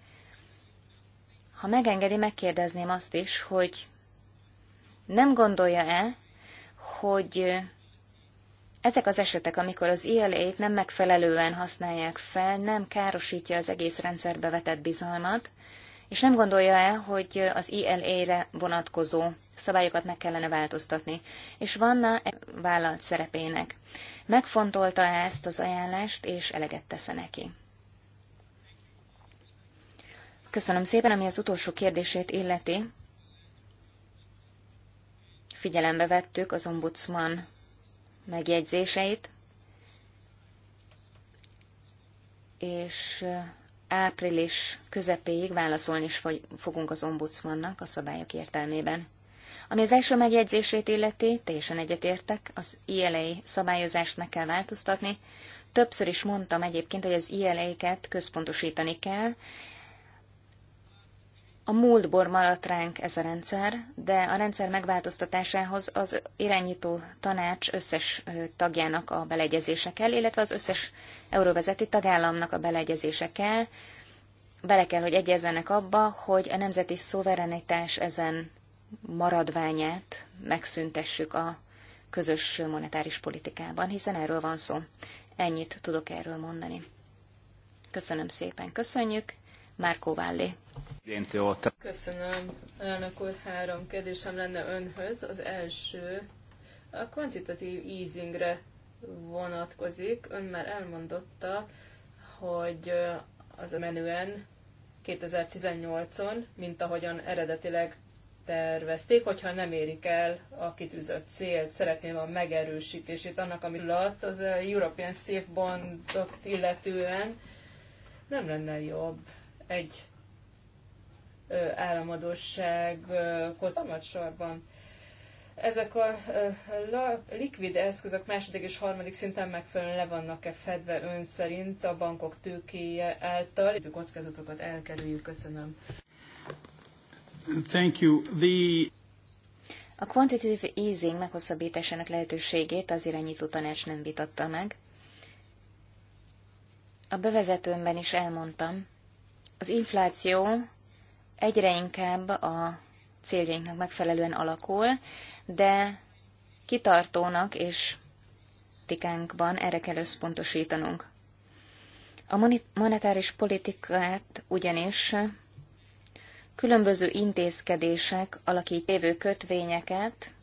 Ha megengedi, megkérdezném azt is, hogy nem gondolja-e, hogy ezek az esetek, amikor az ILA-t nem megfelelően használják fel, nem károsítja az egész rendszerbe vetett bizalmat, és nem gondolja el, hogy az ILA-re vonatkozó szabályokat meg kellene változtatni, és vanna -e vállalt szerepének. Megfontolta -e ezt az ajánlást, és eleget tesze neki. Köszönöm szépen, ami az utolsó kérdését illeti. Figyelembe vettük az ombudsman megjegyzéseit, és április közepéig válaszolni is fogunk az ombudsmannak a szabályok értelmében. Ami az első megjegyzését illeti, teljesen egyetértek, az ILA szabályozást meg kell változtatni. Többször is mondtam egyébként, hogy az ILA-ket központosítani kell, a múltból maradt ránk ez a rendszer, de a rendszer megváltoztatásához az irányító tanács összes tagjának a beleegyezése kell, illetve az összes euróvezeti tagállamnak a beleegyezése kell. Bele kell, hogy egyezzenek abba, hogy a nemzeti szuverenitás ezen maradványát megszüntessük a közös monetáris politikában, hiszen erről van szó. Ennyit tudok erről mondani. Köszönöm szépen, köszönjük. Márkó Köszönöm, elnök úr. Három kérdésem lenne önhöz. Az első a kvantitatív easingre vonatkozik. Ön már elmondotta, hogy az a menüen 2018-on, mint ahogyan eredetileg tervezték, hogyha nem érik el a kitűzött célt, szeretném a megerősítését annak, ami alatt az European Safe Bondot illetően nem lenne jobb egy államadóság sorban. Ezek a likvid eszközök második és harmadik szinten megfelelően le vannak-e fedve ön szerint a bankok tőkéje által? A kockázatokat elkerüljük, köszönöm. Thank you. The... A quantitative easing meghosszabbításának lehetőségét az irányító tanács nem vitatta meg. A bevezetőmben is elmondtam, az infláció egyre inkább a céljainknak megfelelően alakul, de kitartónak és tikánkban erre kell összpontosítanunk. A monetáris politikát ugyanis különböző intézkedések alakít évő kötvényeket,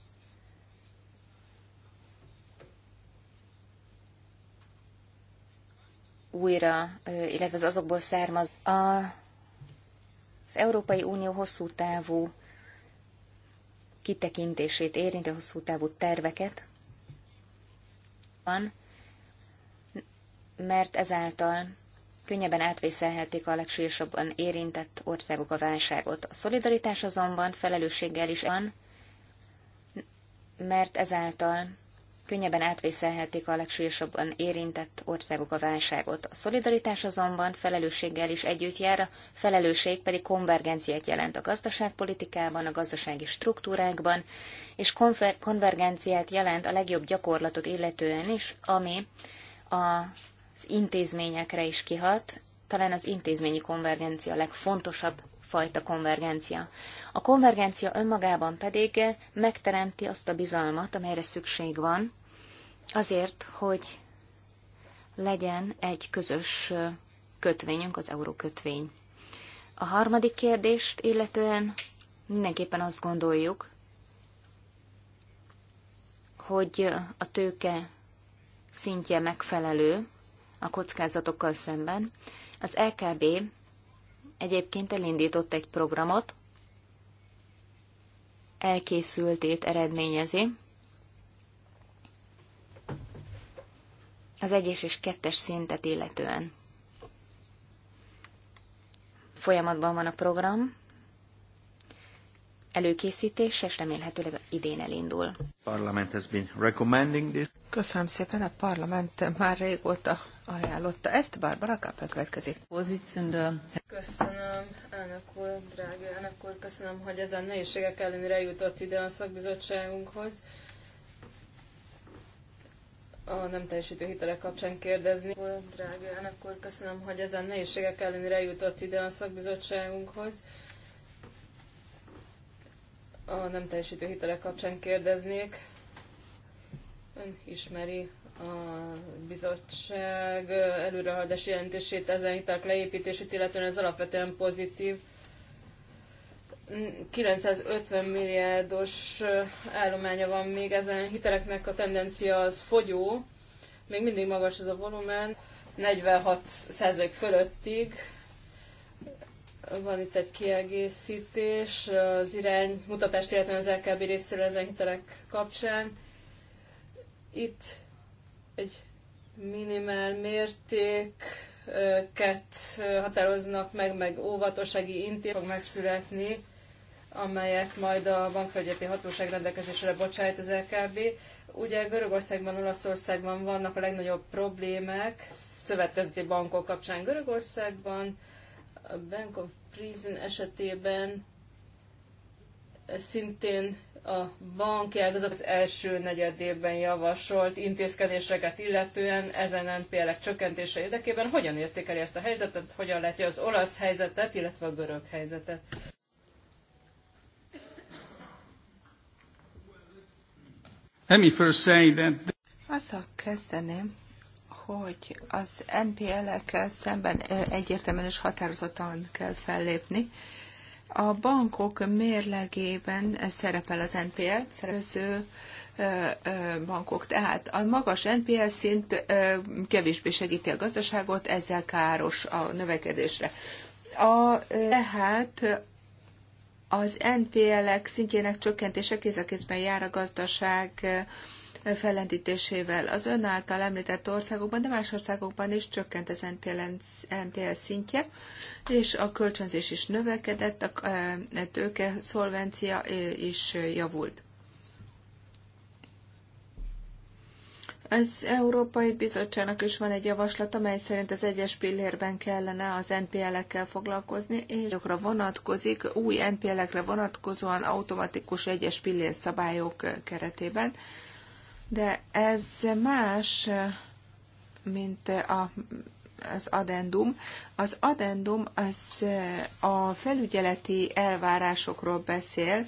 újra, illetve az azokból származ. A, az Európai Unió hosszú távú kitekintését érintő hosszú távú terveket van, mert ezáltal könnyebben átvészelhetik a legsúlyosabban érintett országok a válságot. A szolidaritás azonban felelősséggel is van, mert ezáltal könnyebben átvészelhetik a legsúlyosabban érintett országok a válságot. A szolidaritás azonban felelősséggel is együtt jár, a felelősség pedig konvergenciát jelent a gazdaságpolitikában, a gazdasági struktúrákban, és konvergenciát jelent a legjobb gyakorlatot illetően is, ami az intézményekre is kihat, talán az intézményi konvergencia a legfontosabb fajta konvergencia. A konvergencia önmagában pedig megteremti azt a bizalmat, amelyre szükség van, azért, hogy legyen egy közös kötvényünk, az eurókötvény. A harmadik kérdést illetően mindenképpen azt gondoljuk, hogy a tőke szintje megfelelő a kockázatokkal szemben. Az LKB egyébként elindított egy programot, elkészültét eredményezi, az egyes és kettes szintet illetően. Folyamatban van a program, előkészítés, és remélhetőleg idén elindul. Parlament has been recommending this. Köszönöm szépen, a parlament már régóta ajánlotta ezt. Barbara Kappel következik. Köszönöm, elnök úr, drága elnök úr, köszönöm, hogy ezen nehézségek ellenére jutott ide a szakbizottságunkhoz a nem teljesítő hitelek kapcsán kérdezni. Drágán, akkor köszönöm, hogy ezen nehézségek ellenére jutott ide a szakbizottságunkhoz. A nem teljesítő hitelek kapcsán kérdeznék. Ön ismeri a bizottság előrehaladási jelentését ezen hitelek leépítését, illetően ez alapvetően pozitív. 950 milliárdos állománya van még ezen hiteleknek a tendencia az fogyó, még mindig magas ez a volumen, 46 százalék fölöttig. Van itt egy kiegészítés az irány mutatást illetve az LKB részéről ezen hitelek kapcsán. Itt egy minimál mérték ket határoznak meg, meg óvatossági intézmény fog megszületni amelyet majd a bankfelügyeleti hatóság rendelkezésre bocsájt az LKB. Ugye Görögországban, Olaszországban vannak a legnagyobb problémák szövetkezeti bankok kapcsán Görögországban, a Bank of Prison esetében szintén a banki az első negyedében javasolt intézkedéseket illetően ezen NPL-ek csökkentése érdekében hogyan értékeli ezt a helyzetet, hogyan látja az olasz helyzetet, illetve a görög helyzetet? Let me first say that... Azzal kezdeném, hogy az NPL-ekkel szemben egyértelműen és határozottan kell fellépni. A bankok mérlegében szerepel az NPL, szerező bankok. Tehát a magas NPL szint kevésbé segíti a gazdaságot, ezzel káros a növekedésre. A, tehát az NPL-ek szintjének csökkentése kézekézben jár a gazdaság eh, fellendítésével. Az ön által említett országokban, de más országokban is csökkent az NPL, NPL szintje, és a kölcsönzés is növekedett, a eh, tőke szolvencia eh, is javult. Az Európai Bizottságnak is van egy javaslat, amely szerint az egyes pillérben kellene az NPL-ekkel foglalkozni, és azokra vonatkozik, új NPL-ekre vonatkozóan automatikus egyes pillér szabályok keretében. De ez más, mint a, az addendum. Az addendum az a felügyeleti elvárásokról beszél,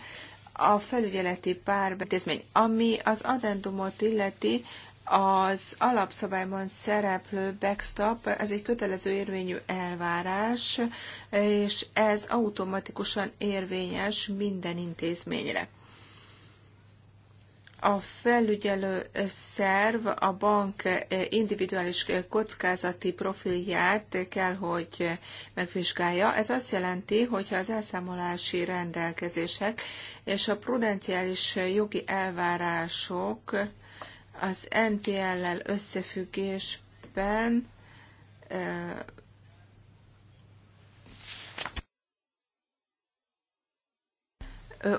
a felügyeleti párbetézmény, ami az addendumot illeti, az alapszabályban szereplő backstop, ez egy kötelező érvényű elvárás, és ez automatikusan érvényes minden intézményre a felügyelő szerv a bank individuális kockázati profilját kell, hogy megvizsgálja. Ez azt jelenti, hogyha az elszámolási rendelkezések és a prudenciális jogi elvárások az ntl lel összefüggésben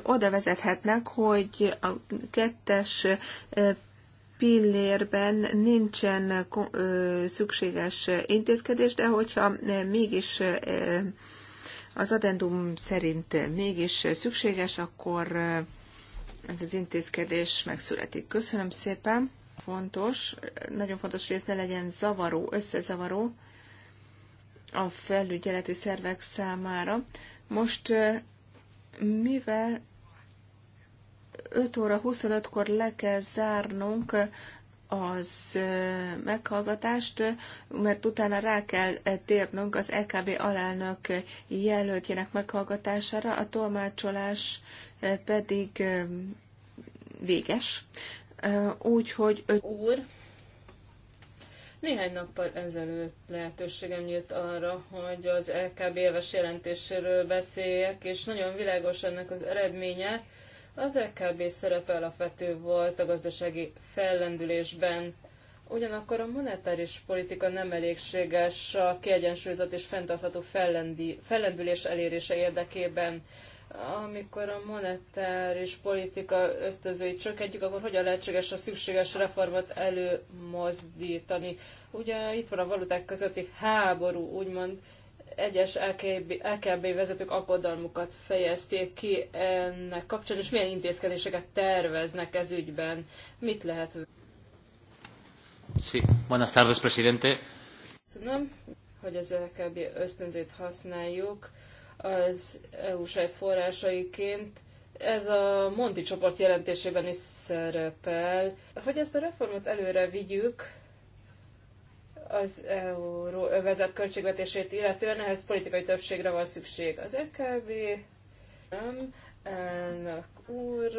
oda vezethetnek, hogy a kettes pillérben nincsen szükséges intézkedés, de hogyha mégis az adendum szerint mégis szükséges, akkor ez az intézkedés megszületik. Köszönöm szépen, fontos, nagyon fontos, hogy ez ne legyen zavaró, összezavaró a felügyeleti szervek számára. Most, mivel 5 óra 25-kor le kell zárnunk az meghallgatást, mert utána rá kell térnünk az EKB alelnök jelöltjének meghallgatására. A tolmácsolás pedig véges. Úgyhogy öt úr, néhány nappal ezelőtt lehetőségem nyílt arra, hogy az LKB éves jelentéséről beszéljek, és nagyon világos ennek az eredménye. Az LKB szerepe alapvető volt a gazdasági fellendülésben. Ugyanakkor a monetáris politika nem elégséges a kiegyensúlyozott és fenntartható fellendülés elérése érdekében amikor a monetár és politika ösztözői csökkentjük, akkor hogyan lehetséges a szükséges reformot előmozdítani? Ugye itt van a valuták közötti háború, úgymond egyes LKB, LKB vezetők aggodalmukat fejezték ki ennek kapcsán, és milyen intézkedéseket terveznek ez ügyben? Mit lehet? Sí. Buenas tardes, presidente. Köszönöm, hogy az LKB ösztönzőt használjuk az EU saját forrásaiként. Ez a Monti csoport jelentésében is szerepel. Hogy ezt a reformot előre vigyük, az EU vezet költségvetését illetően ehhez politikai többségre van szükség. Az EKB, nem, ennek úr,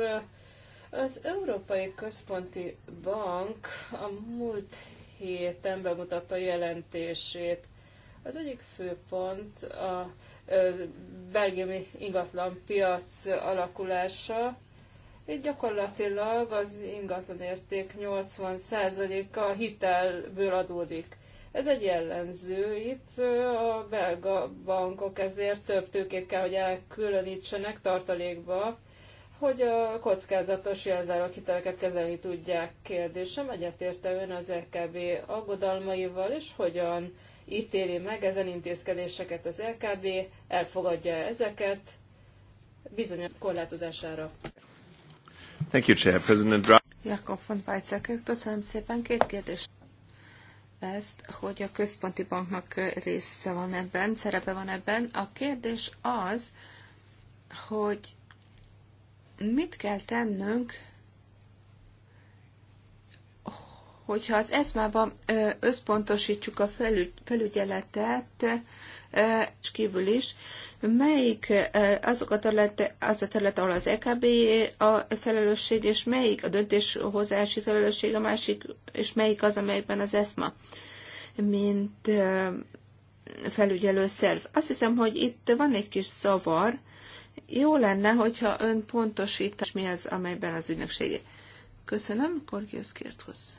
az Európai Központi Bank a múlt héten bemutatta jelentését az egyik fő pont a belgiumi ingatlan piac alakulása. Itt gyakorlatilag az ingatlan érték 80%-a hitelből adódik. Ez egy jellemző. Itt a belga bankok ezért több tőkét kell, hogy elkülönítsenek tartalékba, hogy a kockázatos jelzárok hiteleket kezelni tudják. Kérdésem egyetérte ön az LKB e aggodalmaival, és hogyan ítéli meg ezen intézkedéseket az LKB, elfogadja ezeket bizonyos korlátozására. Thank you, Chair. President Jakob von Weizsäcker, köszönöm szépen. Két kérdés. Ezt, hogy a központi banknak része van ebben, szerepe van ebben. A kérdés az, hogy mit kell tennünk hogyha az eszmába összpontosítsuk a felügyeletet, és kívül is, melyik azok a terület, az a terület, ahol az EKB a felelősség, és melyik a döntéshozási felelősség, a másik, és melyik az, amelyikben az ESMA, mint felügyelő szerv. Azt hiszem, hogy itt van egy kis szavar. Jó lenne, hogyha ön pontosítás mi az, amelyben az ügynökségé. Köszönöm, Korgiusz Kirtusz.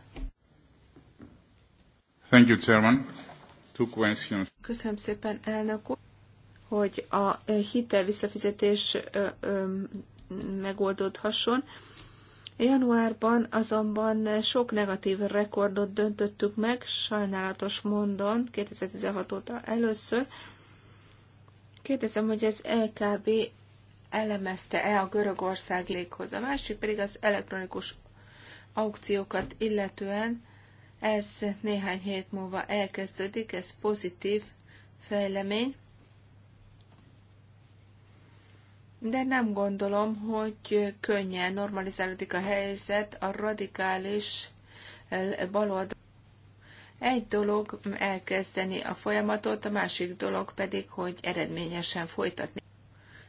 Thank you, Chairman. Two questions. Köszönöm szépen, elnök úr, hogy a hitel visszafizetés megoldódhasson. Januárban azonban sok negatív rekordot döntöttük meg, sajnálatos mondom, 2016 óta először. Kérdezem, hogy ez LKB elemezte-e a Görögország léghoz. A másik pedig az elektronikus aukciókat illetően ez néhány hét múlva elkezdődik, ez pozitív fejlemény, de nem gondolom, hogy könnyen normalizálódik a helyzet a radikális baloldal. Egy dolog elkezdeni a folyamatot, a másik dolog pedig, hogy eredményesen folytatni.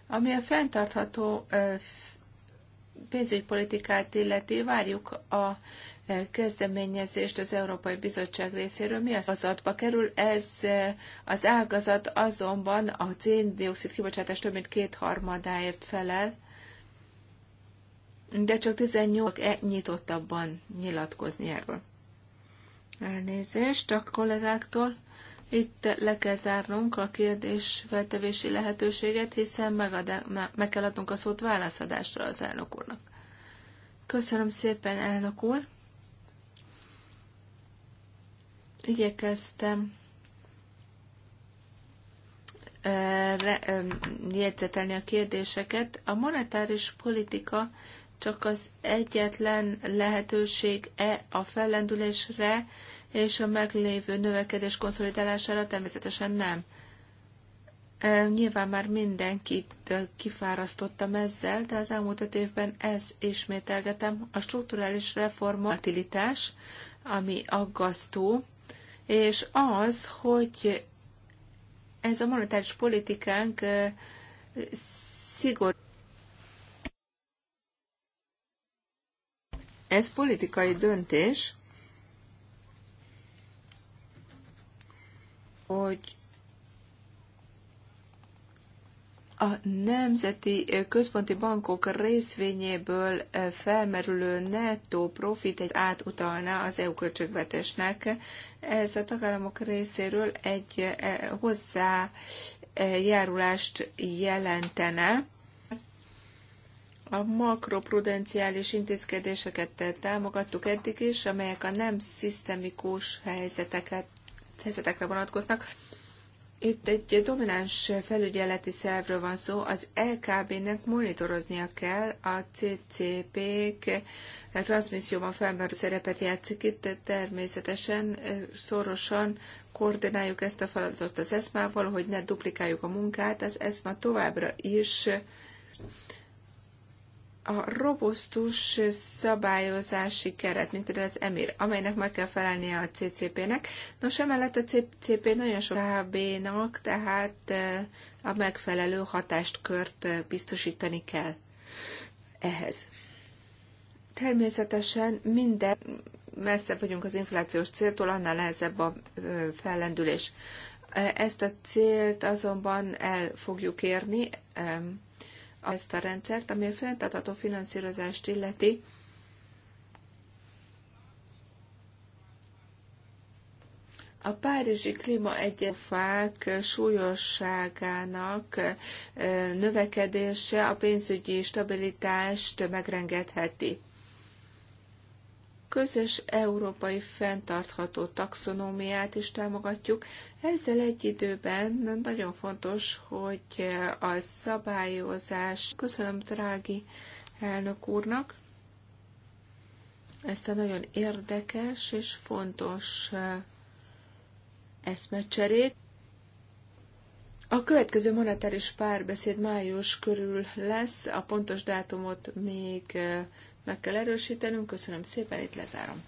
Ami a fenntartható pénzügypolitikát illeti, várjuk a kezdeményezést az Európai Bizottság részéről. Mi az adba kerül? Ez eh, az ágazat azonban a széndiokszid kibocsátás több mint kétharmadáért felel, de csak 18 -e nyitottabban nyilatkozni erről. Elnézést a kollégáktól. Itt le kell zárnunk a kérdés feltevési lehetőséget, hiszen megad, meg kell adnunk a szót válaszadásra az elnök úrnak. Köszönöm szépen, elnök úr! Igyekeztem jegyzetelni a kérdéseket. A monetáris politika csak az egyetlen lehetőség-e a fellendülésre és a meglévő növekedés konszolidálására? Természetesen nem. Nyilván már mindenkit kifárasztottam ezzel, de az elmúlt öt évben ez ismételgetem. A strukturális reforma volatilitás, ami aggasztó, és az, hogy ez a monetáris politikánk szigorú. Ez politikai döntés, hogy a nemzeti központi bankok részvényéből felmerülő nettó profit egy átutalná az EU költségvetésnek. Ez a tagállamok részéről egy hozzájárulást jelentene. A makroprudenciális intézkedéseket támogattuk eddig is, amelyek a nem szisztemikus helyzeteket, helyzetekre vonatkoznak itt egy domináns felügyeleti szervről van szó, az LKB-nek monitoroznia kell a CCP-k a transmisszióban felmerő szerepet játszik itt, természetesen szorosan koordináljuk ezt a feladatot az ESMA-val, hogy ne duplikáljuk a munkát. Az ESMA továbbra is a robusztus szabályozási keret, mint például az EMIR, amelynek meg kell felelnie a CCP-nek. Nos, emellett a CCP nagyon sok KB-nak, tehát eh, a megfelelő hatást kört eh, biztosítani kell ehhez. Természetesen minden messze vagyunk az inflációs céltól, annál nehezebb a eh, fellendülés. Ezt a célt azonban el fogjuk érni, azt a rendszert, ami a fenntartható finanszírozást illeti, a párizsi klíma egyefák súlyosságának növekedése a pénzügyi stabilitást megrengetheti. Közös európai fenntartható taxonómiát is támogatjuk, ezzel egy időben nagyon fontos, hogy a szabályozás, köszönöm drági elnök úrnak, ezt a nagyon érdekes és fontos eszmecserét. A következő monetáris párbeszéd május körül lesz, a pontos dátumot még meg kell erősítenünk. Köszönöm szépen, itt lezárom.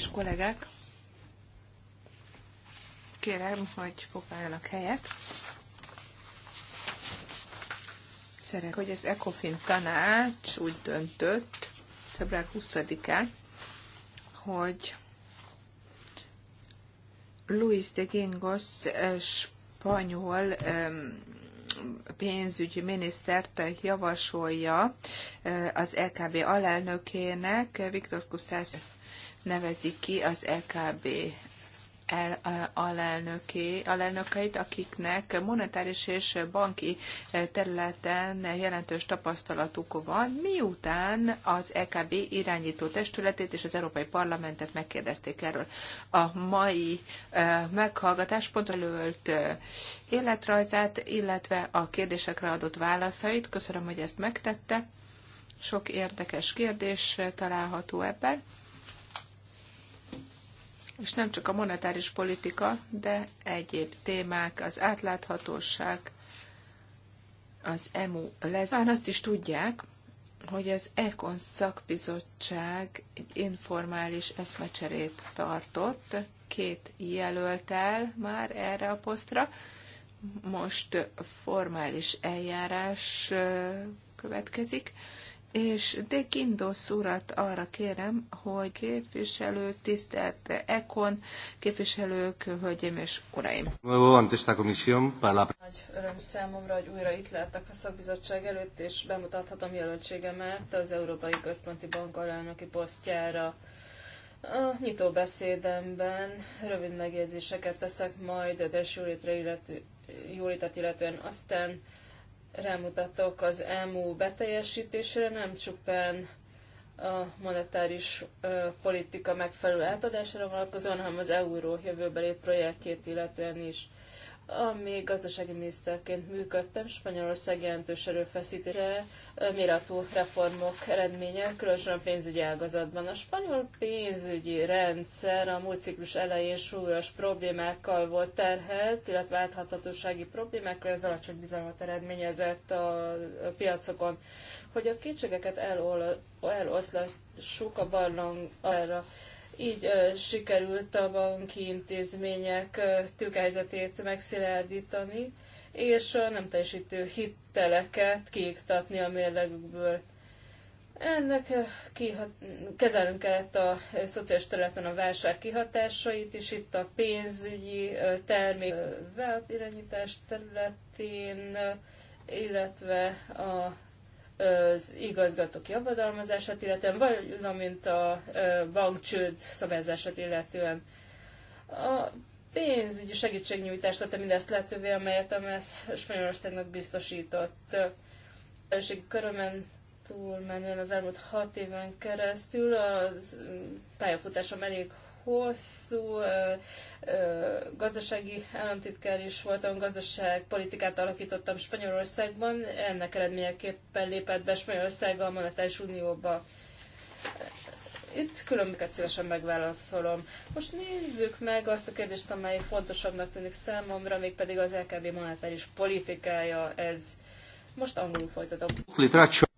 Kedves kollégák, kérem, hogy foglaljanak helyet. Szeretném, hogy az ECOFIN tanács úgy döntött február 20-án, hogy Luis de Gingos eh, spanyol pénzügyi minisztert javasolja eh, az LKB alelnökének, Viktor Kusztász nevezik ki az EKB el, alelnöké, alelnökeit, akiknek monetáris és banki e, területen jelentős tapasztalatuk van, miután az EKB irányító testületét és az Európai Parlamentet megkérdezték erről. A mai e, meghallgatás pont e, életrajzát, illetve a kérdésekre adott válaszait. Köszönöm, hogy ezt megtette. Sok érdekes kérdés található ebben és nem csak a monetáris politika, de egyéb témák, az átláthatóság, az EMU lesz. Már azt is tudják, hogy az ECON szakbizottság egy informális eszmecserét tartott, két jelöltel már erre a posztra. Most formális eljárás következik és de Kindos urat arra kérem, hogy képviselő, tisztelt Ekon, képviselők, hölgyeim és uraim. Nagy öröm számomra, hogy újra itt láttak a szakbizottság előtt, és bemutathatom jelöltségemet az Európai Központi Bank alelnöki posztjára. A nyitó beszédemben rövid megjegyzéseket teszek majd, de jólétet illetően aztán rámutattok az EMU beteljesítésre, nem csupán a monetáris ö, politika megfelelő átadására vonatkozóan, hanem az euró jövőbeli projektjét illetően is amíg gazdasági miniszterként működtem, Spanyolország jelentős erőfeszítése, méretú reformok eredménye, különösen a pénzügyi ágazatban. A spanyol pénzügyi rendszer a múlt ciklus elején súlyos problémákkal volt terhelt, illetve áthatatósági problémákkal, ez alacsony bizalmat eredményezett a piacokon. Hogy a kétségeket elol, eloszlassuk a barlang így sikerült a banki intézmények tőkehelyzetét megszilárdítani, és a nem teljesítő hiteleket kiiktatni a mérlegükből. Ennek kihat, kezelnünk kellett a szociális területen a válság kihatásait is, itt a pénzügyi termék irányítás területén, illetve a az igazgatók javadalmazását illetően, valamint a bankcsőd szabályzását illetően. A pénzügyi segítségnyújtást tette mindezt lehetővé, amelyet a MESZ Spanyolországnak biztosított. Előség körömen túlmenően az elmúlt hat éven keresztül a pályafutásom elég hosszú ö, ö, gazdasági államtitkár is voltam, gazdaságpolitikát alakítottam Spanyolországban, ennek eredményeképpen lépett be Spanyolország a Monetáris Unióba. Itt különböket szívesen megválaszolom. Most nézzük meg azt a kérdést, amely fontosabbnak tűnik számomra, mégpedig az LKB monetáris politikája. Ez most angolul folytatom.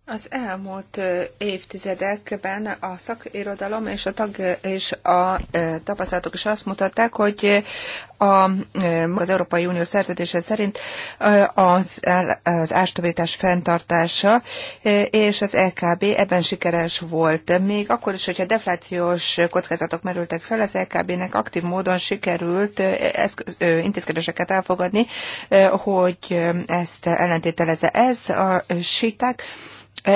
Az elmúlt évtizedekben a szakirodalom és a, tag, és a tapasztalatok is azt mutatták, hogy a, az Európai Unió szerződése szerint az, az árstabilitás fenntartása és az LKB ebben sikeres volt. Még akkor is, hogyha deflációs kockázatok merültek fel, az LKB-nek aktív módon sikerült eszköz, intézkedéseket elfogadni, hogy ezt ellentételezze. Ez a síták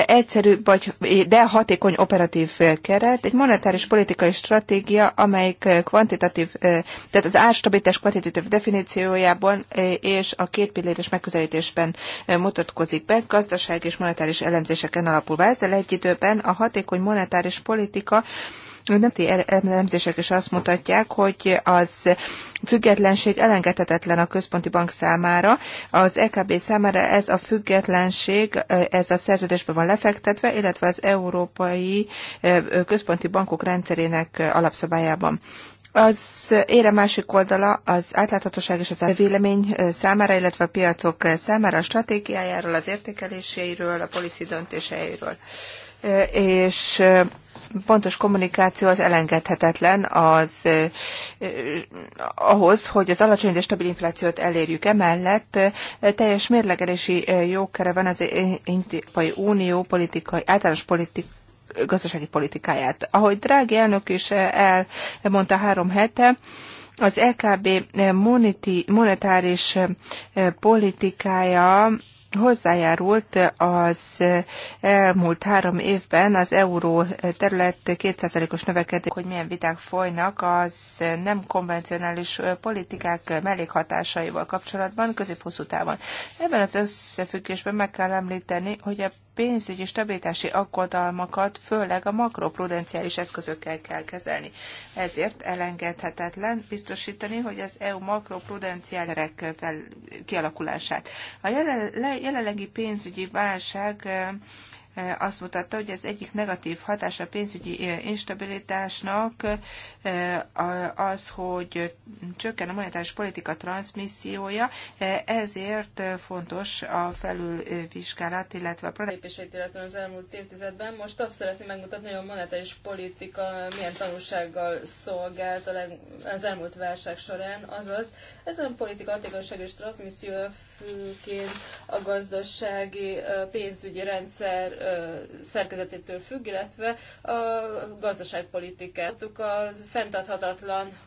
egyszerű, vagy, de hatékony operatív keret, egy monetáris politikai stratégia, amelyik kvantitatív, tehát az árstabilitás kvantitatív definíciójában és a két pilléres megközelítésben mutatkozik be, gazdaság és monetáris elemzéseken alapulva. Ezzel egy időben a hatékony monetáris politika nemzeti er- elemzések is azt mutatják, hogy az függetlenség elengedhetetlen a központi bank számára. Az EKB számára ez a függetlenség, ez a szerződésben van lefektetve, illetve az európai központi bankok rendszerének alapszabályában. Az ére másik oldala az átláthatóság és az vélemény számára, illetve a piacok számára, a stratégiájáról, az értékeléséről, a policy döntéseiről. És pontos kommunikáció az elengedhetetlen az eh, ahhoz, hogy az alacsony és stabil inflációt elérjük. Emellett eh, teljes mérlegelési jogkere van az Európai Unió politikai, általános politikai gazdasági politikáját. Ahogy drági elnök is elmondta három hete, az EKB monetáris politikája hozzájárult az elmúlt három évben az euró terület 2%-os növekedés, hogy milyen viták folynak az nem konvencionális politikák mellékhatásaival kapcsolatban középhosszú távon. Ebben az összefüggésben meg kell említeni, hogy a pénzügyi stabilitási aggodalmakat főleg a makroprudenciális eszközökkel kell kezelni. Ezért elengedhetetlen biztosítani, hogy az EU makroprudenciálerek kialakulását. A jelenlegi pénzügyi válság azt mutatta, hogy az egyik negatív hatása a pénzügyi instabilitásnak az, hogy csökken a monetáris politika transmissziója, ezért fontos a felülvizsgálat, illetve a lépéseit illetve az elmúlt évtizedben. Most azt szeretném megmutatni, hogy a monetáris politika milyen tanulsággal szolgált az elmúlt válság során, azaz ezen a politika hatékonyság és transmisszió főként a gazdasági pénzügyi rendszer szerkezetétől függ, illetve a gazdaságpolitikát. A fenntarthatatlan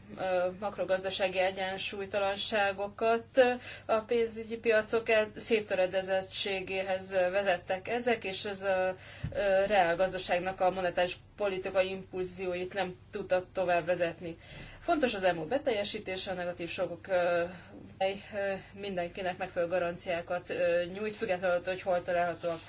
makrogazdasági egyensúlytalanságokat a pénzügyi piacok széttöredezettségéhez vezettek ezek, és ez a reálgazdaságnak a monetáris politikai impulzióit nem tudta tovább vezetni. Fontos az EMU beteljesítése, a negatív sokok mindenkinek megfelelő garanciákat nyújt, függetlenül, hogy hol találhatóak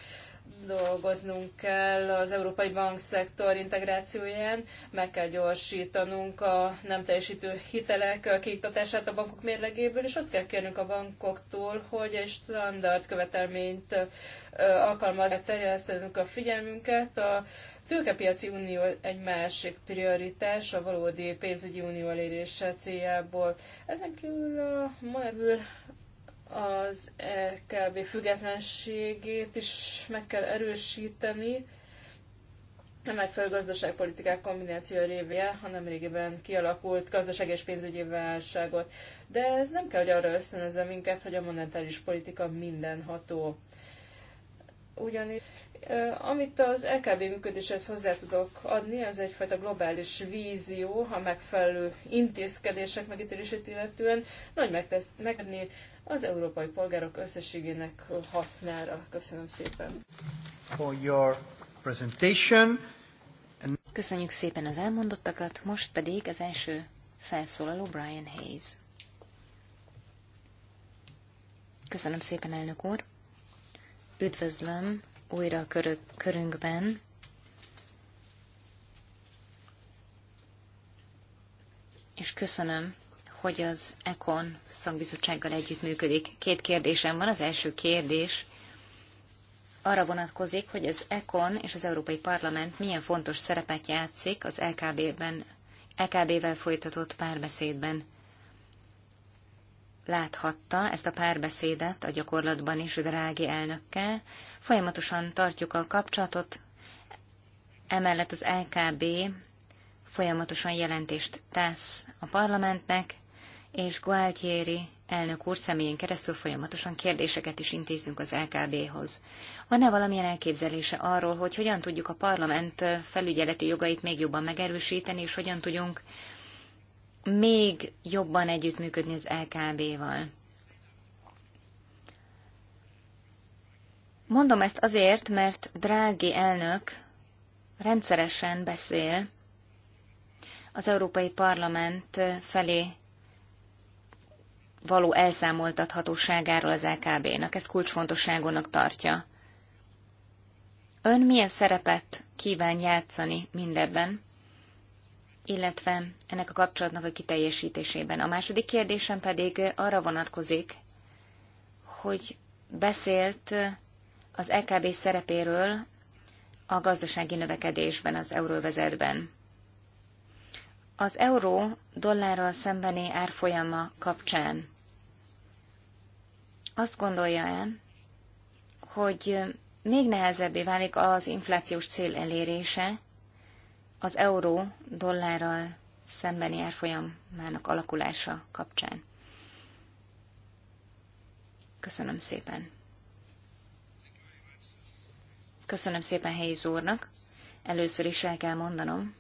dolgoznunk kell az európai bankszektor integrációján, meg kell gyorsítanunk a nem teljesítő hitelek kiiktatását a bankok mérlegéből, és azt kell kérnünk a bankoktól, hogy egy standard követelményt alkalmazzák, terjesztenünk a figyelmünket. A tőkepiaci unió egy másik prioritás a valódi pénzügyi unió elérése céljából. Ezen kívül a Monetül az LKB e függetlenségét is meg kell erősíteni, nem megfelelő gazdaságpolitikák kombinációja révén, hanem régiben kialakult gazdaság és pénzügyi válságot. De ez nem kell, hogy arra ösztönözze minket, hogy a monetáris politika mindenható. Ugyanis amit az LKB működéshez hozzá tudok adni, az egyfajta globális vízió, ha megfelelő intézkedések megítélését illetően nagy megtesz, megadni az európai polgárok összességének hasznára. Köszönöm szépen. For your presentation. And... Köszönjük szépen az elmondottakat, most pedig az első felszólaló Brian Hayes. Köszönöm szépen, elnök úr. Üdvözlöm újra a körök, körünkben. És köszönöm, hogy az ECON szakbizottsággal együttműködik. Két kérdésem van. Az első kérdés arra vonatkozik, hogy az ECON és az Európai Parlament milyen fontos szerepet játszik az LKB-ben, LKB-vel folytatott párbeszédben láthatta ezt a párbeszédet a gyakorlatban is drági elnökkel. Folyamatosan tartjuk a kapcsolatot, emellett az LKB folyamatosan jelentést tesz a parlamentnek, és Gualtieri elnök úr személyén keresztül folyamatosan kérdéseket is intézünk az LKB-hoz. Van-e valamilyen elképzelése arról, hogy hogyan tudjuk a parlament felügyeleti jogait még jobban megerősíteni, és hogyan tudjunk még jobban együttműködni az LKB-val. Mondom ezt azért, mert drági elnök rendszeresen beszél az Európai Parlament felé való elszámoltathatóságáról az LKB-nak. Ez kulcsfontosságonak tartja. Ön milyen szerepet kíván játszani mindebben? illetve ennek a kapcsolatnak a kiteljesítésében. A második kérdésem pedig arra vonatkozik, hogy beszélt az EKB szerepéről a gazdasági növekedésben, az euróvezetben. Az euró dollárral szembeni árfolyama kapcsán azt gondolja-e, hogy még nehezebbé válik az inflációs cél elérése, az euró dollárral szembeni árfolyamának alakulása kapcsán. Köszönöm szépen. Köszönöm szépen Helyi Zórnak. Először is el kell mondanom,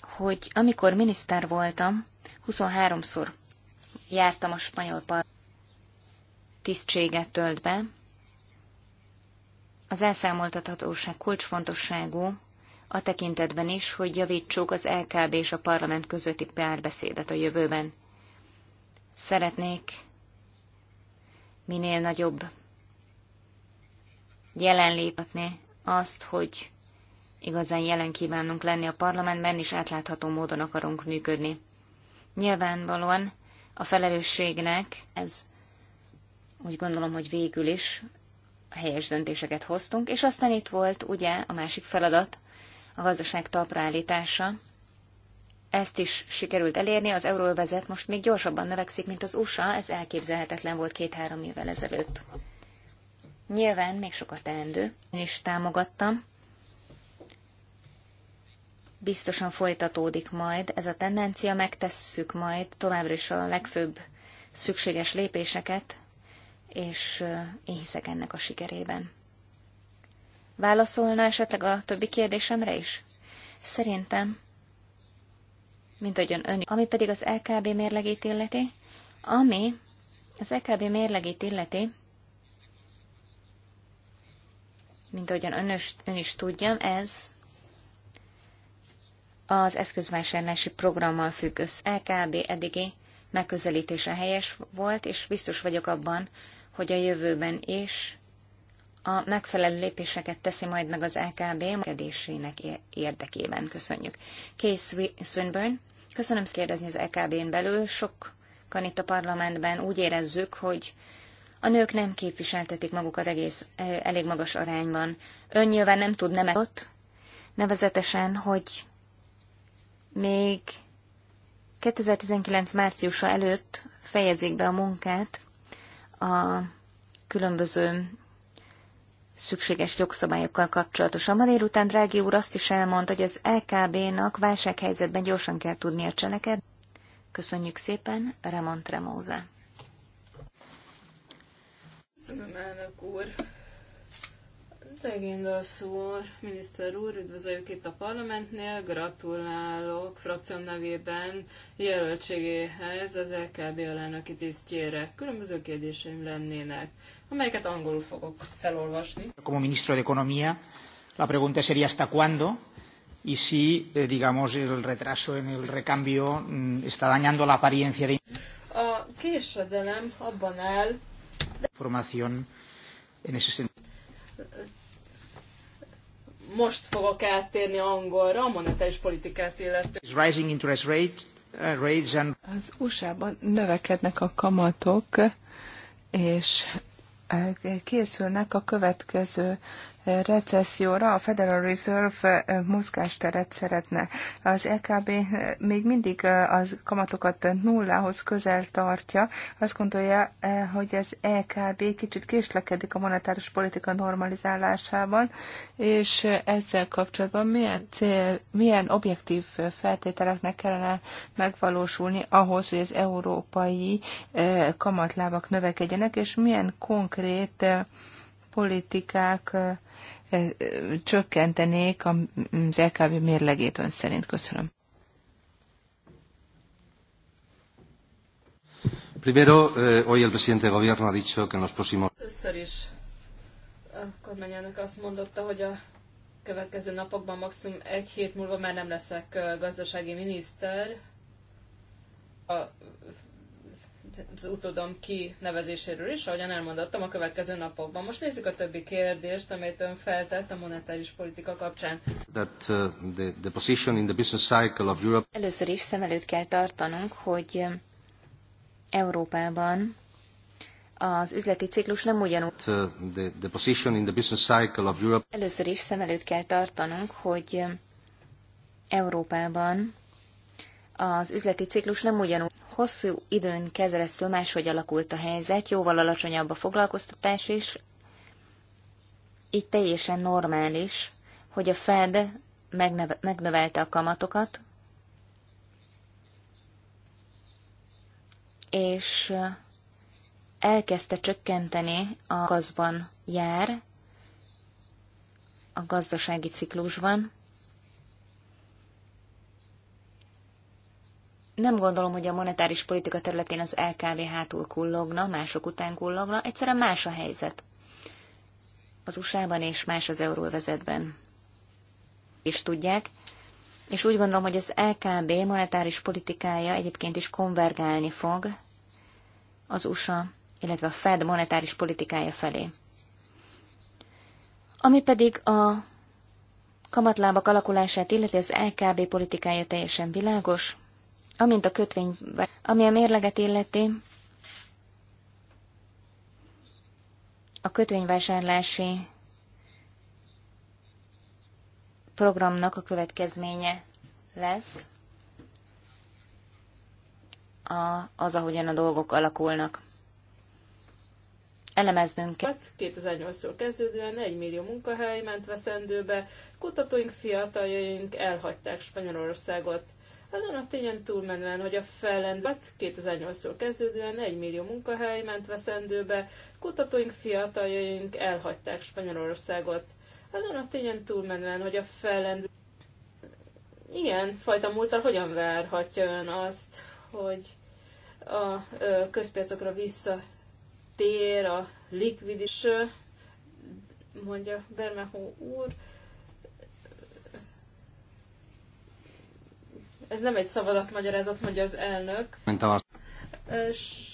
hogy amikor miniszter voltam, 23-szor jártam a spanyol tisztséget tölt be, az elszámoltathatóság kulcsfontosságú a tekintetben is, hogy javítsuk az LKB és a parlament közötti párbeszédet a jövőben. Szeretnék minél nagyobb jelenlétetni azt, hogy igazán jelen kívánunk lenni a parlamentben, és átlátható módon akarunk működni. Nyilvánvalóan a felelősségnek ez úgy gondolom, hogy végül is helyes döntéseket hoztunk, és aztán itt volt ugye a másik feladat, a gazdaság talpraállítása. Ezt is sikerült elérni, az euróvezet most még gyorsabban növekszik, mint az USA, ez elképzelhetetlen volt két-három évvel ezelőtt. Nyilván még sokat teendő, én is támogattam. Biztosan folytatódik majd ez a tendencia, megtesszük majd továbbra is a legfőbb szükséges lépéseket és én hiszek ennek a sikerében. Válaszolna esetleg a többi kérdésemre is? Szerintem, mint ahogyan ön, ami pedig az LKB mérlegét illeti, ami az LKB mérlegét illeti, mint ahogyan önös, ön is tudja, ez az eszközvásárlási programmal függ össze. LKB eddigi megközelítése helyes volt, és biztos vagyok abban, hogy a jövőben is a megfelelő lépéseket teszi majd meg az LKB működésének érdekében. Köszönjük. Kay Swinburne, köszönöm kérdezni az LKB-n belül. Sokan itt a parlamentben úgy érezzük, hogy a nők nem képviseltetik magukat egész elég magas arányban. Ön nyilván nem tud nemet ott, nevezetesen, hogy még 2019 márciusa előtt fejezik be a munkát a különböző szükséges jogszabályokkal kapcsolatosan. Ma délután Drági úr azt is elmondta, hogy az LKB-nak válsághelyzetben gyorsan kell tudnia cseneket. Köszönjük szépen, Remont Remóze. Köszönöm, elnök úr. Tegindasz úr, miniszter úr, üdvözöljük itt a parlamentnél, gratulálok frakción nevében jelöltségéhez az LKB alelnöki tisztjére. Különböző kérdéseim lennének, amelyeket angolul fogok felolvasni. Como ministro de Economía, la pregunta sería hasta cuándo y si, eh, digamos, el retraso en el recambio mm, está dañando la apariencia de... A késedelem abban áll... Formación en ese sentido most fogok áttérni angolra, a monetáris politikát illetően. Rising interest rates, uh, rates and... Az USA-ban növekednek a kamatok, és eh, készülnek a következő recesszióra a Federal Reserve eh, mozgásteret szeretne. Az EKB eh, még mindig eh, az kamatokat nullához közel tartja. Azt gondolja, hogy az EKB kicsit késlekedik a monetáris politika normalizálásában, és ezzel kapcsolatban milyen, cél, milyen objektív feltételeknek kellene megvalósulni ahhoz, hogy az európai kamatlábak növekedjenek, és milyen konkrét politikák csökkentenék az LKB mérlegét ön szerint. Köszönöm. Primero, eh, hoy el presidente del gobierno ha dicho que en los próximos... Először is a kormányelnök azt mondotta, hogy a következő napokban, maximum egy hét múlva már nem leszek gazdasági miniszter. A az utódom kinevezéséről is, ahogyan elmondottam a következő napokban. Most nézzük a többi kérdést, amelyet ön feltett a monetáris politika kapcsán. That, uh, the, the position in the business cycle of Europe... Először is szem előtt kell tartanunk, hogy um, Európában az üzleti ciklus nem ugyanúgy. Uh, the, the position in the business cycle of Europe... Először is szem előtt kell tartanunk, hogy um, Európában az üzleti ciklus nem ugyanúgy hosszú időn keresztül máshogy alakult a helyzet, jóval alacsonyabb a foglalkoztatás is, így teljesen normális, hogy a Fed megnövelte a kamatokat, és elkezdte csökkenteni a gazban jár, a gazdasági ciklusban, nem gondolom, hogy a monetáris politika területén az LKV hátul kullogna, mások után kullogna, egyszerűen más a helyzet. Az USA-ban és más az euróvezetben. És tudják, és úgy gondolom, hogy az LKB monetáris politikája egyébként is konvergálni fog az USA, illetve a Fed monetáris politikája felé. Ami pedig a kamatlábak alakulását illeti, az LKB politikája teljesen világos, amint a kötvény, ami a mérleget illeti, a kötvényvásárlási programnak a következménye lesz a, az, ahogyan a dolgok alakulnak. Elemeznünk kell. 2008-tól hát kezdődően 1 millió munkahely ment veszendőbe, kutatóink, fiataljaink elhagyták Spanyolországot. Azon a tényen túlmenően, hogy a fellendet 2008-tól kezdődően 1 millió munkahely ment veszendőbe, kutatóink, fiataljaink elhagyták Spanyolországot. Azon a tényen túlmenően, hogy a fellend... Ilyen fajta múltal hogyan várhatja ön azt, hogy a közpiacokra visszatér a likvidis, mondja Bermeho úr, Ez nem egy magyarázat, mondja az elnök. Mint a...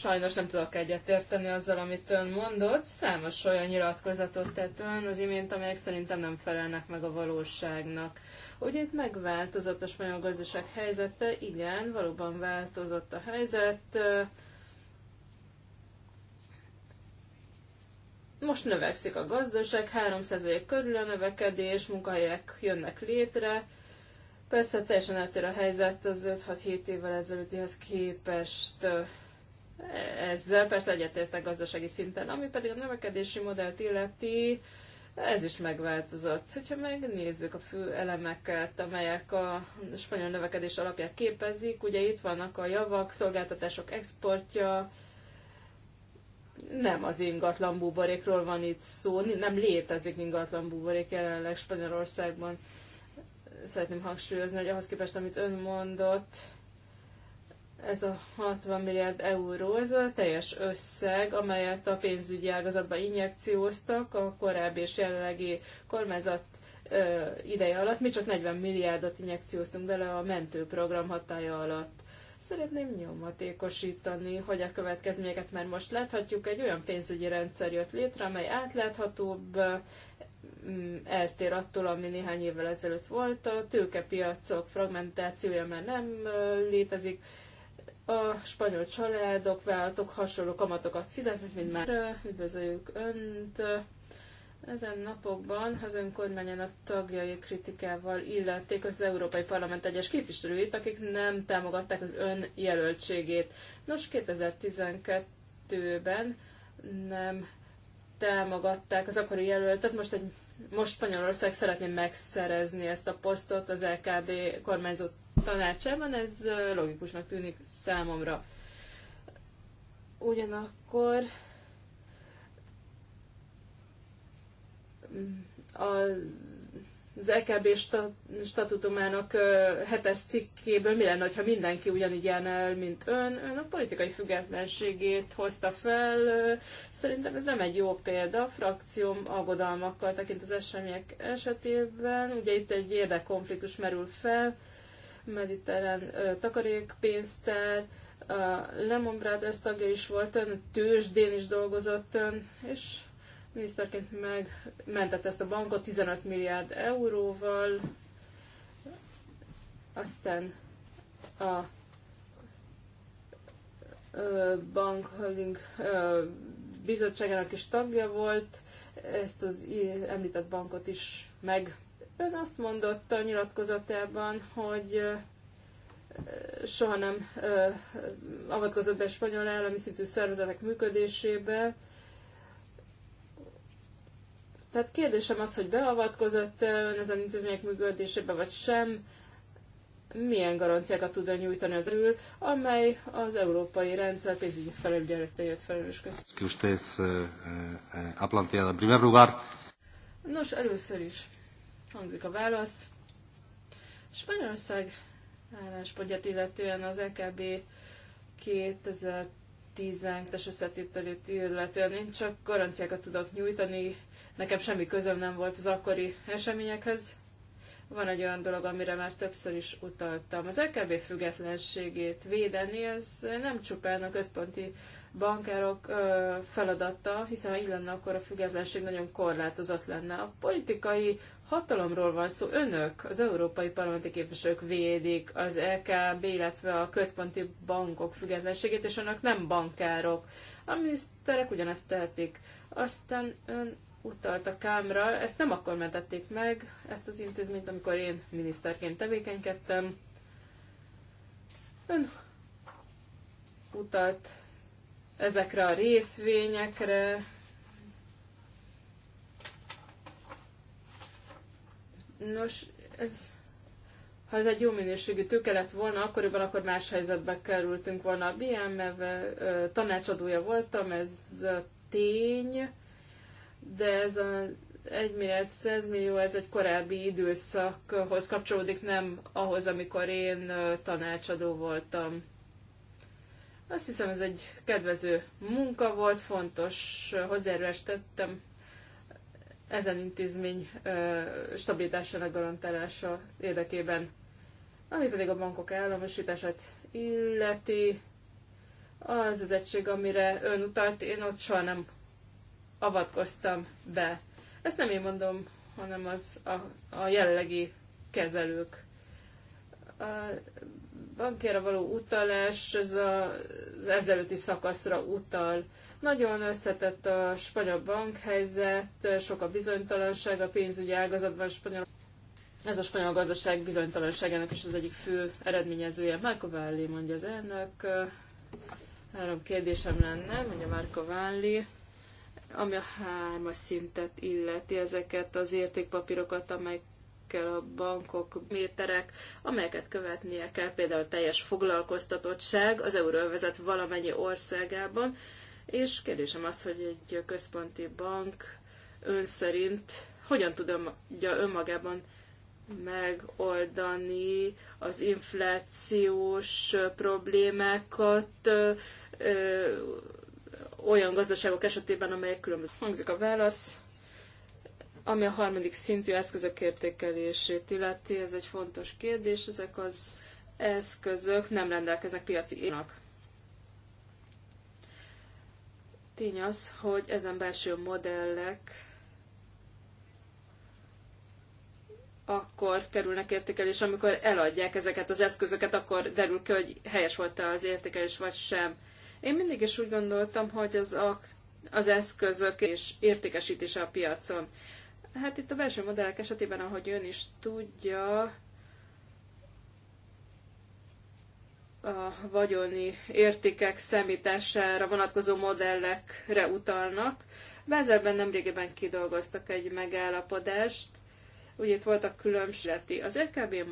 Sajnos nem tudok egyetérteni azzal, amit ön mondott. Számos olyan nyilatkozatot tett ön az imént, amelyek szerintem nem felelnek meg a valóságnak. Ugye itt megváltozott a spanyol gazdaság helyzete, igen, valóban változott a helyzet. Most növekszik a gazdaság, 3% körül a növekedés, munkahelyek jönnek létre, Persze teljesen eltér a helyzet az 5-6-7 évvel ezelőttihez képest. Ezzel persze egyetértek gazdasági szinten, ami pedig a növekedési modellt illeti, ez is megváltozott. Hogyha megnézzük a fő elemeket, amelyek a spanyol növekedés alapját képezik, ugye itt vannak a javak, szolgáltatások exportja, nem az ingatlan buborékról van itt szó, nem létezik ingatlan buborék jelenleg Spanyolországban szeretném hangsúlyozni, hogy ahhoz képest, amit ön mondott, ez a 60 milliárd euró, ez a teljes összeg, amelyet a pénzügyi ágazatba injekcióztak a korábbi és jelenlegi kormányzat ideje alatt. Mi csak 40 milliárdot injekcióztunk bele a mentőprogram hatája alatt. Szeretném nyomatékosítani, hogy a következményeket már most láthatjuk. Egy olyan pénzügyi rendszer jött létre, amely átláthatóbb, mm, eltér attól, ami néhány évvel ezelőtt volt. A tőkepiacok fragmentációja már nem létezik. A spanyol családok, vállalatok hasonló kamatokat fizetnek, mint már. Üdvözöljük Önt! Ezen napokban az önkormányának tagjai kritikával illették az Európai Parlament egyes képviselőit, akik nem támogatták az ön jelöltségét. Nos, 2012-ben nem támogatták az akkori jelöltet, most egy most Spanyolország szeretné megszerezni ezt a posztot az LKB kormányzó tanácsában, ez logikusnak tűnik számomra. Ugyanakkor az EKB statutumának hetes cikkéből mi lenne, ha mindenki ugyanígy járna el, mint ön. Ön a politikai függetlenségét hozta fel. Szerintem ez nem egy jó példa. A frakcióm aggodalmakkal tekint az események esetében. Ugye itt egy érdekkonfliktus merül fel, mediterrán takarékpénztár, a Lemon Brothers tagja is volt ön, tőzsdén is dolgozott ön, és miniszterként megmentette ezt a bankot 15 milliárd euróval, aztán a bankholding bizottságának is tagja volt, ezt az említett bankot is meg. Ön azt mondotta a nyilatkozatában, hogy soha nem avatkozott be a spanyol állami szintű szervezetek működésébe, tehát kérdésem az, hogy beavatkozott ön ezen intézmények működésébe, vagy sem, milyen garanciákat tud nyújtani az ül, amely az európai rendszer pénzügyi felügyeletéért felelős köz. Nos, először is hangzik a válasz. Spanyolország álláspontját illetően az EKB 2000 10 összetételét illetően én csak garanciákat tudok nyújtani, nekem semmi közöm nem volt az akkori eseményekhez. Van egy olyan dolog, amire már többször is utaltam. Az LKB függetlenségét védeni, ez nem csupán a központi bankárok ö, feladata, hiszen ha így lenne, akkor a függetlenség nagyon korlátozott lenne. A politikai hatalomról van szó. Önök, az európai parlamenti képviselők védik az LKB, e illetve a központi bankok függetlenségét, és önök nem bankárok. A miniszterek ugyanezt tehetik. Aztán ön utalt a kámra, ezt nem akkor mentették meg, ezt az intézményt, amikor én miniszterként tevékenykedtem. Ön utalt ezekre a részvényekre, Nos, ez, ha ez egy jó minőségű tőke lett volna, akkoriban akkor más helyzetbe kerültünk volna. A BMF tanácsadója voltam, ez a tény, de ez a 1 milliárd 100 millió, ez egy korábbi időszakhoz kapcsolódik, nem ahhoz, amikor én tanácsadó voltam. Azt hiszem, ez egy kedvező munka volt, fontos hozzájárulást tettem ezen intézmény stabilitásának garantálása érdekében. Ami pedig a bankok államosítását illeti, az az egység, amire ön utalt, én ott soha nem avatkoztam be. Ezt nem én mondom, hanem az a, a jelenlegi kezelők. A bankjára való utalás ez a, az ezelőtti szakaszra utal. Nagyon összetett a spanyol bankhelyzet, sok a bizonytalanság a pénzügyi ágazatban spanyol. Ez a spanyol gazdaság bizonytalanságának is az egyik fő eredményezője. Marco Valli mondja az elnök. Három kérdésem lenne, mondja Marco Valli ami a hármas szintet illeti ezeket az értékpapírokat, amelyek kell a bankok méterek, amelyeket követnie kell például teljes foglalkoztatottság az euróvezet valamennyi országában, és kérdésem az, hogy egy központi bank ön szerint hogyan tudja önmagában megoldani az inflációs problémákat ö, ö, olyan gazdaságok esetében, amelyek különböző. Hangzik a válasz. Ami a harmadik szintű eszközök értékelését illeti, ez egy fontos kérdés, ezek az eszközök nem rendelkeznek piaci énak. Tény az, hogy ezen belső modellek akkor kerülnek értékelés, amikor eladják ezeket az eszközöket, akkor derül ki, hogy helyes volt-e az értékelés, vagy sem. Én mindig is úgy gondoltam, hogy az, az eszközök és értékesítése a piacon. Hát itt a belső modellek esetében, ahogy ön is tudja, a vagyoni értékek szemítására vonatkozó modellekre utalnak. Bázelben nemrégiben kidolgoztak egy megállapodást, Ugye itt voltak különbségeti. Az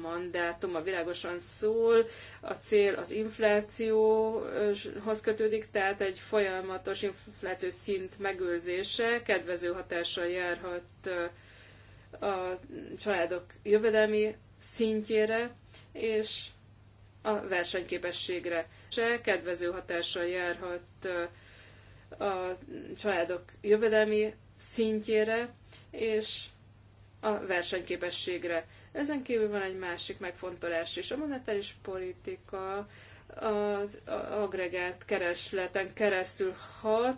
mandátum a világosan szól, a cél az inflációhoz kötődik, tehát egy folyamatos inflációs szint megőrzése kedvező hatással járhat a családok jövedelmi szintjére, és a versenyképességre. Se kedvező hatással járhat a családok jövedelmi szintjére, és a versenyképességre. Ezen kívül van egy másik megfontolás is. A monetáris politika az agregált keresleten keresztül hat,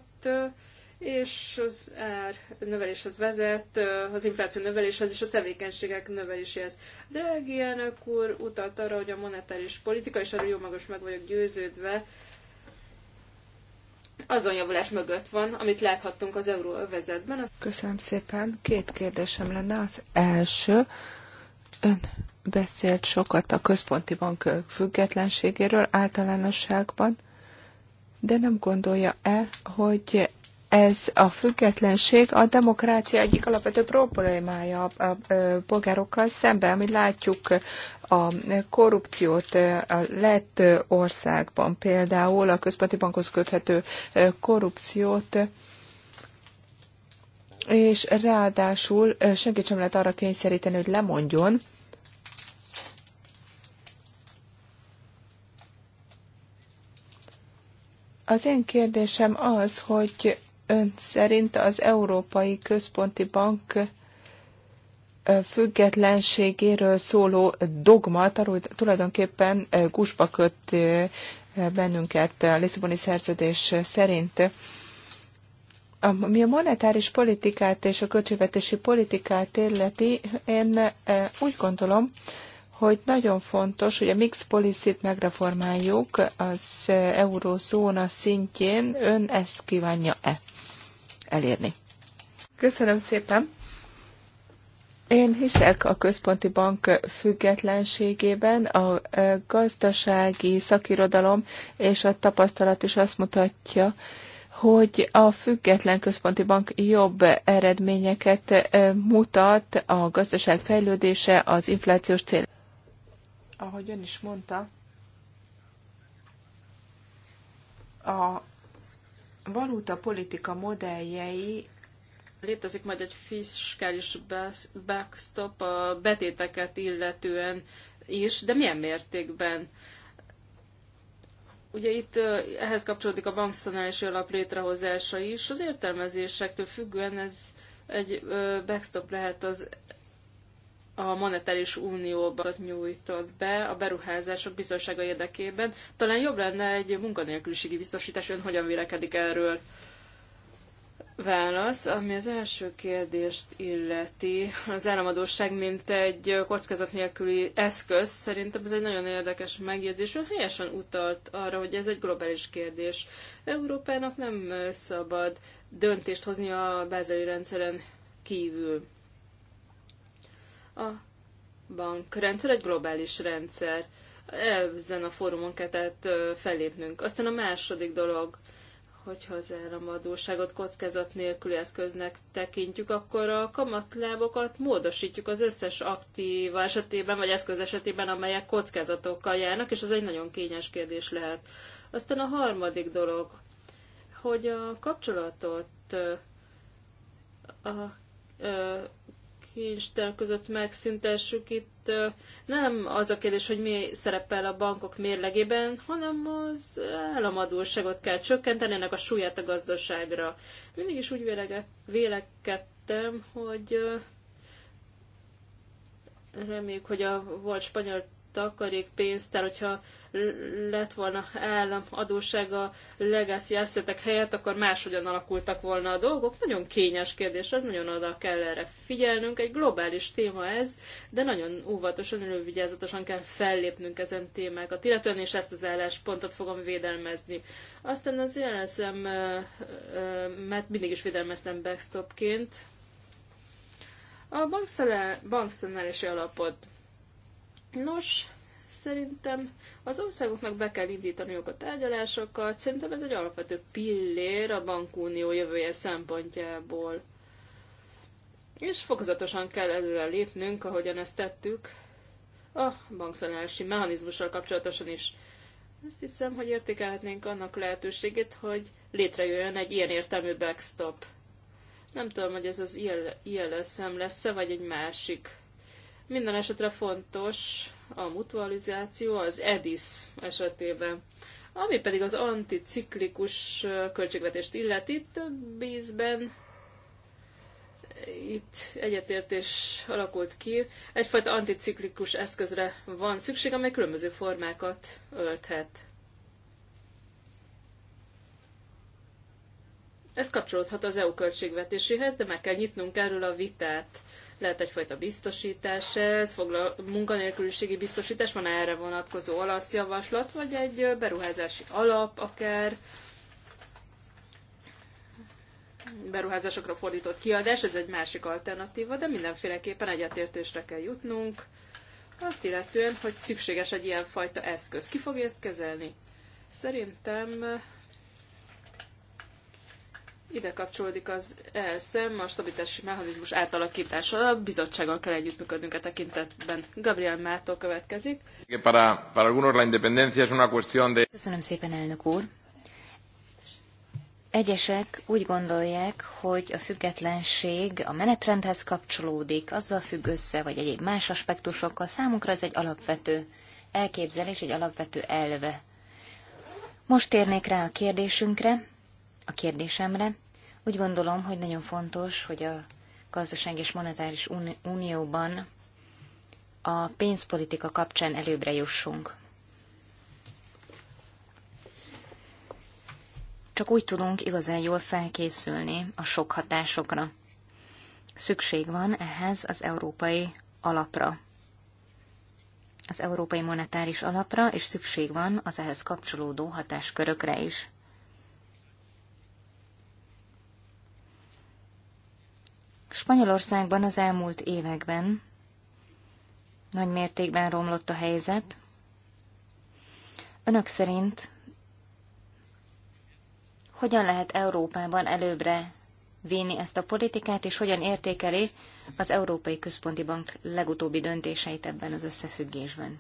és az ár növeléshez vezet, az infláció növeléshez és a tevékenységek növeléséhez. Drági elnök úr utalt arra, hogy a monetáris politika, és erről jó magas meg vagyok győződve, azon javulás mögött van, amit láthattunk az euróövezetben. Köszönöm szépen. Két kérdésem lenne. Az első, ön beszélt sokat a központi bank függetlenségéről általánosságban, de nem gondolja-e, hogy ez a függetlenség a demokrácia egyik alapvető problémája a, polgárokkal szemben, amit látjuk a korrupciót a lett országban, például a központi bankhoz köthető korrupciót, és ráadásul senkit sem lehet arra kényszeríteni, hogy lemondjon, Az én kérdésem az, hogy Ön szerint az Európai Központi Bank függetlenségéről szóló dogma tulajdonképpen gusba köt bennünket a Lisszaboni szerződés szerint. Ami a monetáris politikát és a költségvetési politikát illeti, én úgy gondolom, hogy nagyon fontos, hogy a mix policy-t megreformáljuk az eurózóna szintjén. Ön ezt kívánja-e? elérni. Köszönöm szépen! Én hiszek a központi bank függetlenségében, a gazdasági szakirodalom és a tapasztalat is azt mutatja, hogy a független központi bank jobb eredményeket mutat a gazdaság fejlődése, az inflációs cél. Ahogy ön is mondta, a valuta politika modelljei létezik majd egy fiskális backstop a betéteket illetően is, de milyen mértékben? Ugye itt ehhez kapcsolódik a bankszanálási alap létrehozása is. Az értelmezésektől függően ez egy backstop lehet az a monetáris unióba nyújtott be a beruházások biztonsága érdekében. Talán jobb lenne egy munkanélküliségi biztosítás, ön hogyan vélekedik erről? Válasz, ami az első kérdést illeti, az államadóság mint egy kockázat nélküli eszköz, szerintem ez egy nagyon érdekes megjegyzés, ő helyesen utalt arra, hogy ez egy globális kérdés. Európának nem szabad döntést hozni a bázai rendszeren kívül a bankrendszer egy globális rendszer. Ezen a fórumon kell tehát fellépnünk. Aztán a második dolog, hogyha az államadóságot kockázat nélküli eszköznek tekintjük, akkor a kamatlábokat módosítjuk az összes aktív esetében, vagy eszköz esetében, amelyek kockázatokkal járnak, és ez egy nagyon kényes kérdés lehet. Aztán a harmadik dolog, hogy a kapcsolatot a, a, a kincstár között megszüntessük itt, nem az a kérdés, hogy mi szerepel a bankok mérlegében, hanem az államadóságot kell csökkenteni, ennek a súlyát a gazdaságra. Mindig is úgy vélekedtem, hogy reméljük, hogy a volt spanyol takarék pénzt, tehát hogyha lett volna állam adósága legacy asszetek helyett, akkor máshogyan alakultak volna a dolgok. Nagyon kényes kérdés, ez nagyon oda kell erre figyelnünk. Egy globális téma ez, de nagyon óvatosan, elővigyázatosan kell fellépnünk ezen témákat, illetően és ezt az álláspontot fogom védelmezni. Aztán az jelenszem, mert mindig is védelmeztem backstopként, a bankszenelési alapot Nos, szerintem az országoknak be kell indítaniuk a tárgyalásokat, szerintem ez egy alapvető pillér a bankunió jövője szempontjából. És fokozatosan kell előre lépnünk, ahogyan ezt tettük, a bankszanálási mechanizmussal kapcsolatosan is. Azt hiszem, hogy értékelhetnénk annak lehetőségét, hogy létrejöjjön egy ilyen értelmű backstop. Nem tudom, hogy ez az ILSM lesz-e, vagy egy másik minden esetre fontos a mutualizáció az EDIS esetében. Ami pedig az anticiklikus költségvetést illeti, több ízben itt egyetértés alakult ki. Egyfajta anticiklikus eszközre van szükség, amely különböző formákat ölthet. Ez kapcsolódhat az EU költségvetéséhez, de meg kell nyitnunk erről a vitát lehet egyfajta biztosítás ez, foglal, munkanélküliségi biztosítás, van erre vonatkozó olasz javaslat, vagy egy beruházási alap akár, beruházásokra fordított kiadás, ez egy másik alternatíva, de mindenféleképpen egyetértésre kell jutnunk, azt illetően, hogy szükséges egy ilyenfajta eszköz. Ki fogja ezt kezelni? Szerintem ide kapcsolódik az ESM, a stabilitási mechanizmus átalakítása. A bizottsággal kell együttműködnünk a e tekintetben. Gabriel Mától következik. Para, para algunos la independencia es una cuestión de... Köszönöm szépen, elnök úr. Egyesek úgy gondolják, hogy a függetlenség a menetrendhez kapcsolódik, azzal függ össze, vagy egyéb más aspektusokkal. Számunkra ez egy alapvető elképzelés, egy alapvető elve. Most térnék rá a kérdésünkre, a kérdésemre. Úgy gondolom, hogy nagyon fontos, hogy a gazdaság és monetáris unióban a pénzpolitika kapcsán előbbre jussunk. Csak úgy tudunk igazán jól felkészülni a sok hatásokra. Szükség van ehhez az európai alapra, az európai monetáris alapra, és szükség van az ehhez kapcsolódó hatáskörökre is. Spanyolországban az elmúlt években nagy mértékben romlott a helyzet. Önök szerint hogyan lehet Európában előbbre vinni ezt a politikát, és hogyan értékeli az Európai Központi Bank legutóbbi döntéseit ebben az összefüggésben?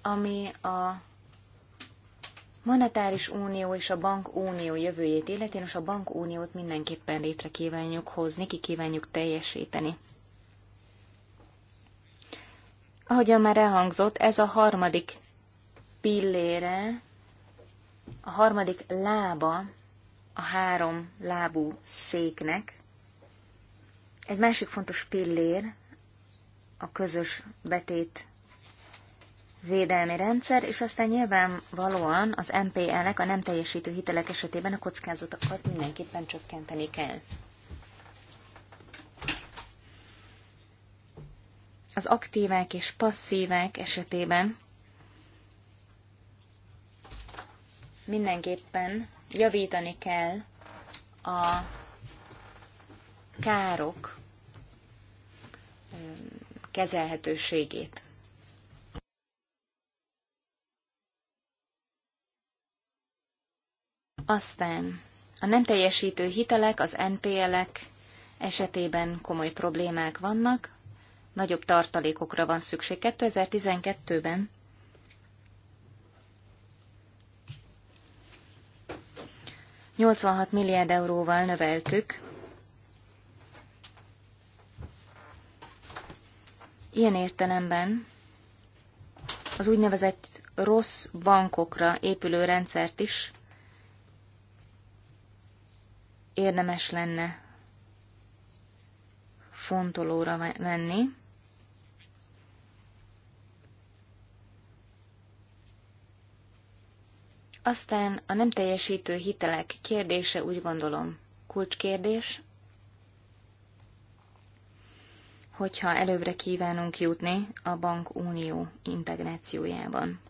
Ami a monetáris unió és a bankunió jövőjét illetén, és a bankuniót mindenképpen létre kívánjuk hozni, ki kívánjuk teljesíteni. Ahogyan már elhangzott, ez a harmadik pillére, a harmadik lába a három lábú széknek. Egy másik fontos pillér a közös betét védelmi rendszer, és aztán nyilvánvalóan az MPL-ek a nem teljesítő hitelek esetében a kockázatokat mindenképpen csökkenteni kell. Az aktívák és passzívák esetében mindenképpen javítani kell a károk kezelhetőségét. Aztán a nem teljesítő hitelek, az NPL-ek esetében komoly problémák vannak, nagyobb tartalékokra van szükség. 2012-ben ...86 milliárd euróval növeltük. Ilyen értelemben az úgynevezett rossz bankokra épülő rendszert is érdemes lenne fontolóra venni. Aztán a nem teljesítő hitelek kérdése úgy gondolom kulcskérdés, hogyha előbbre kívánunk jutni a bankunió integrációjában.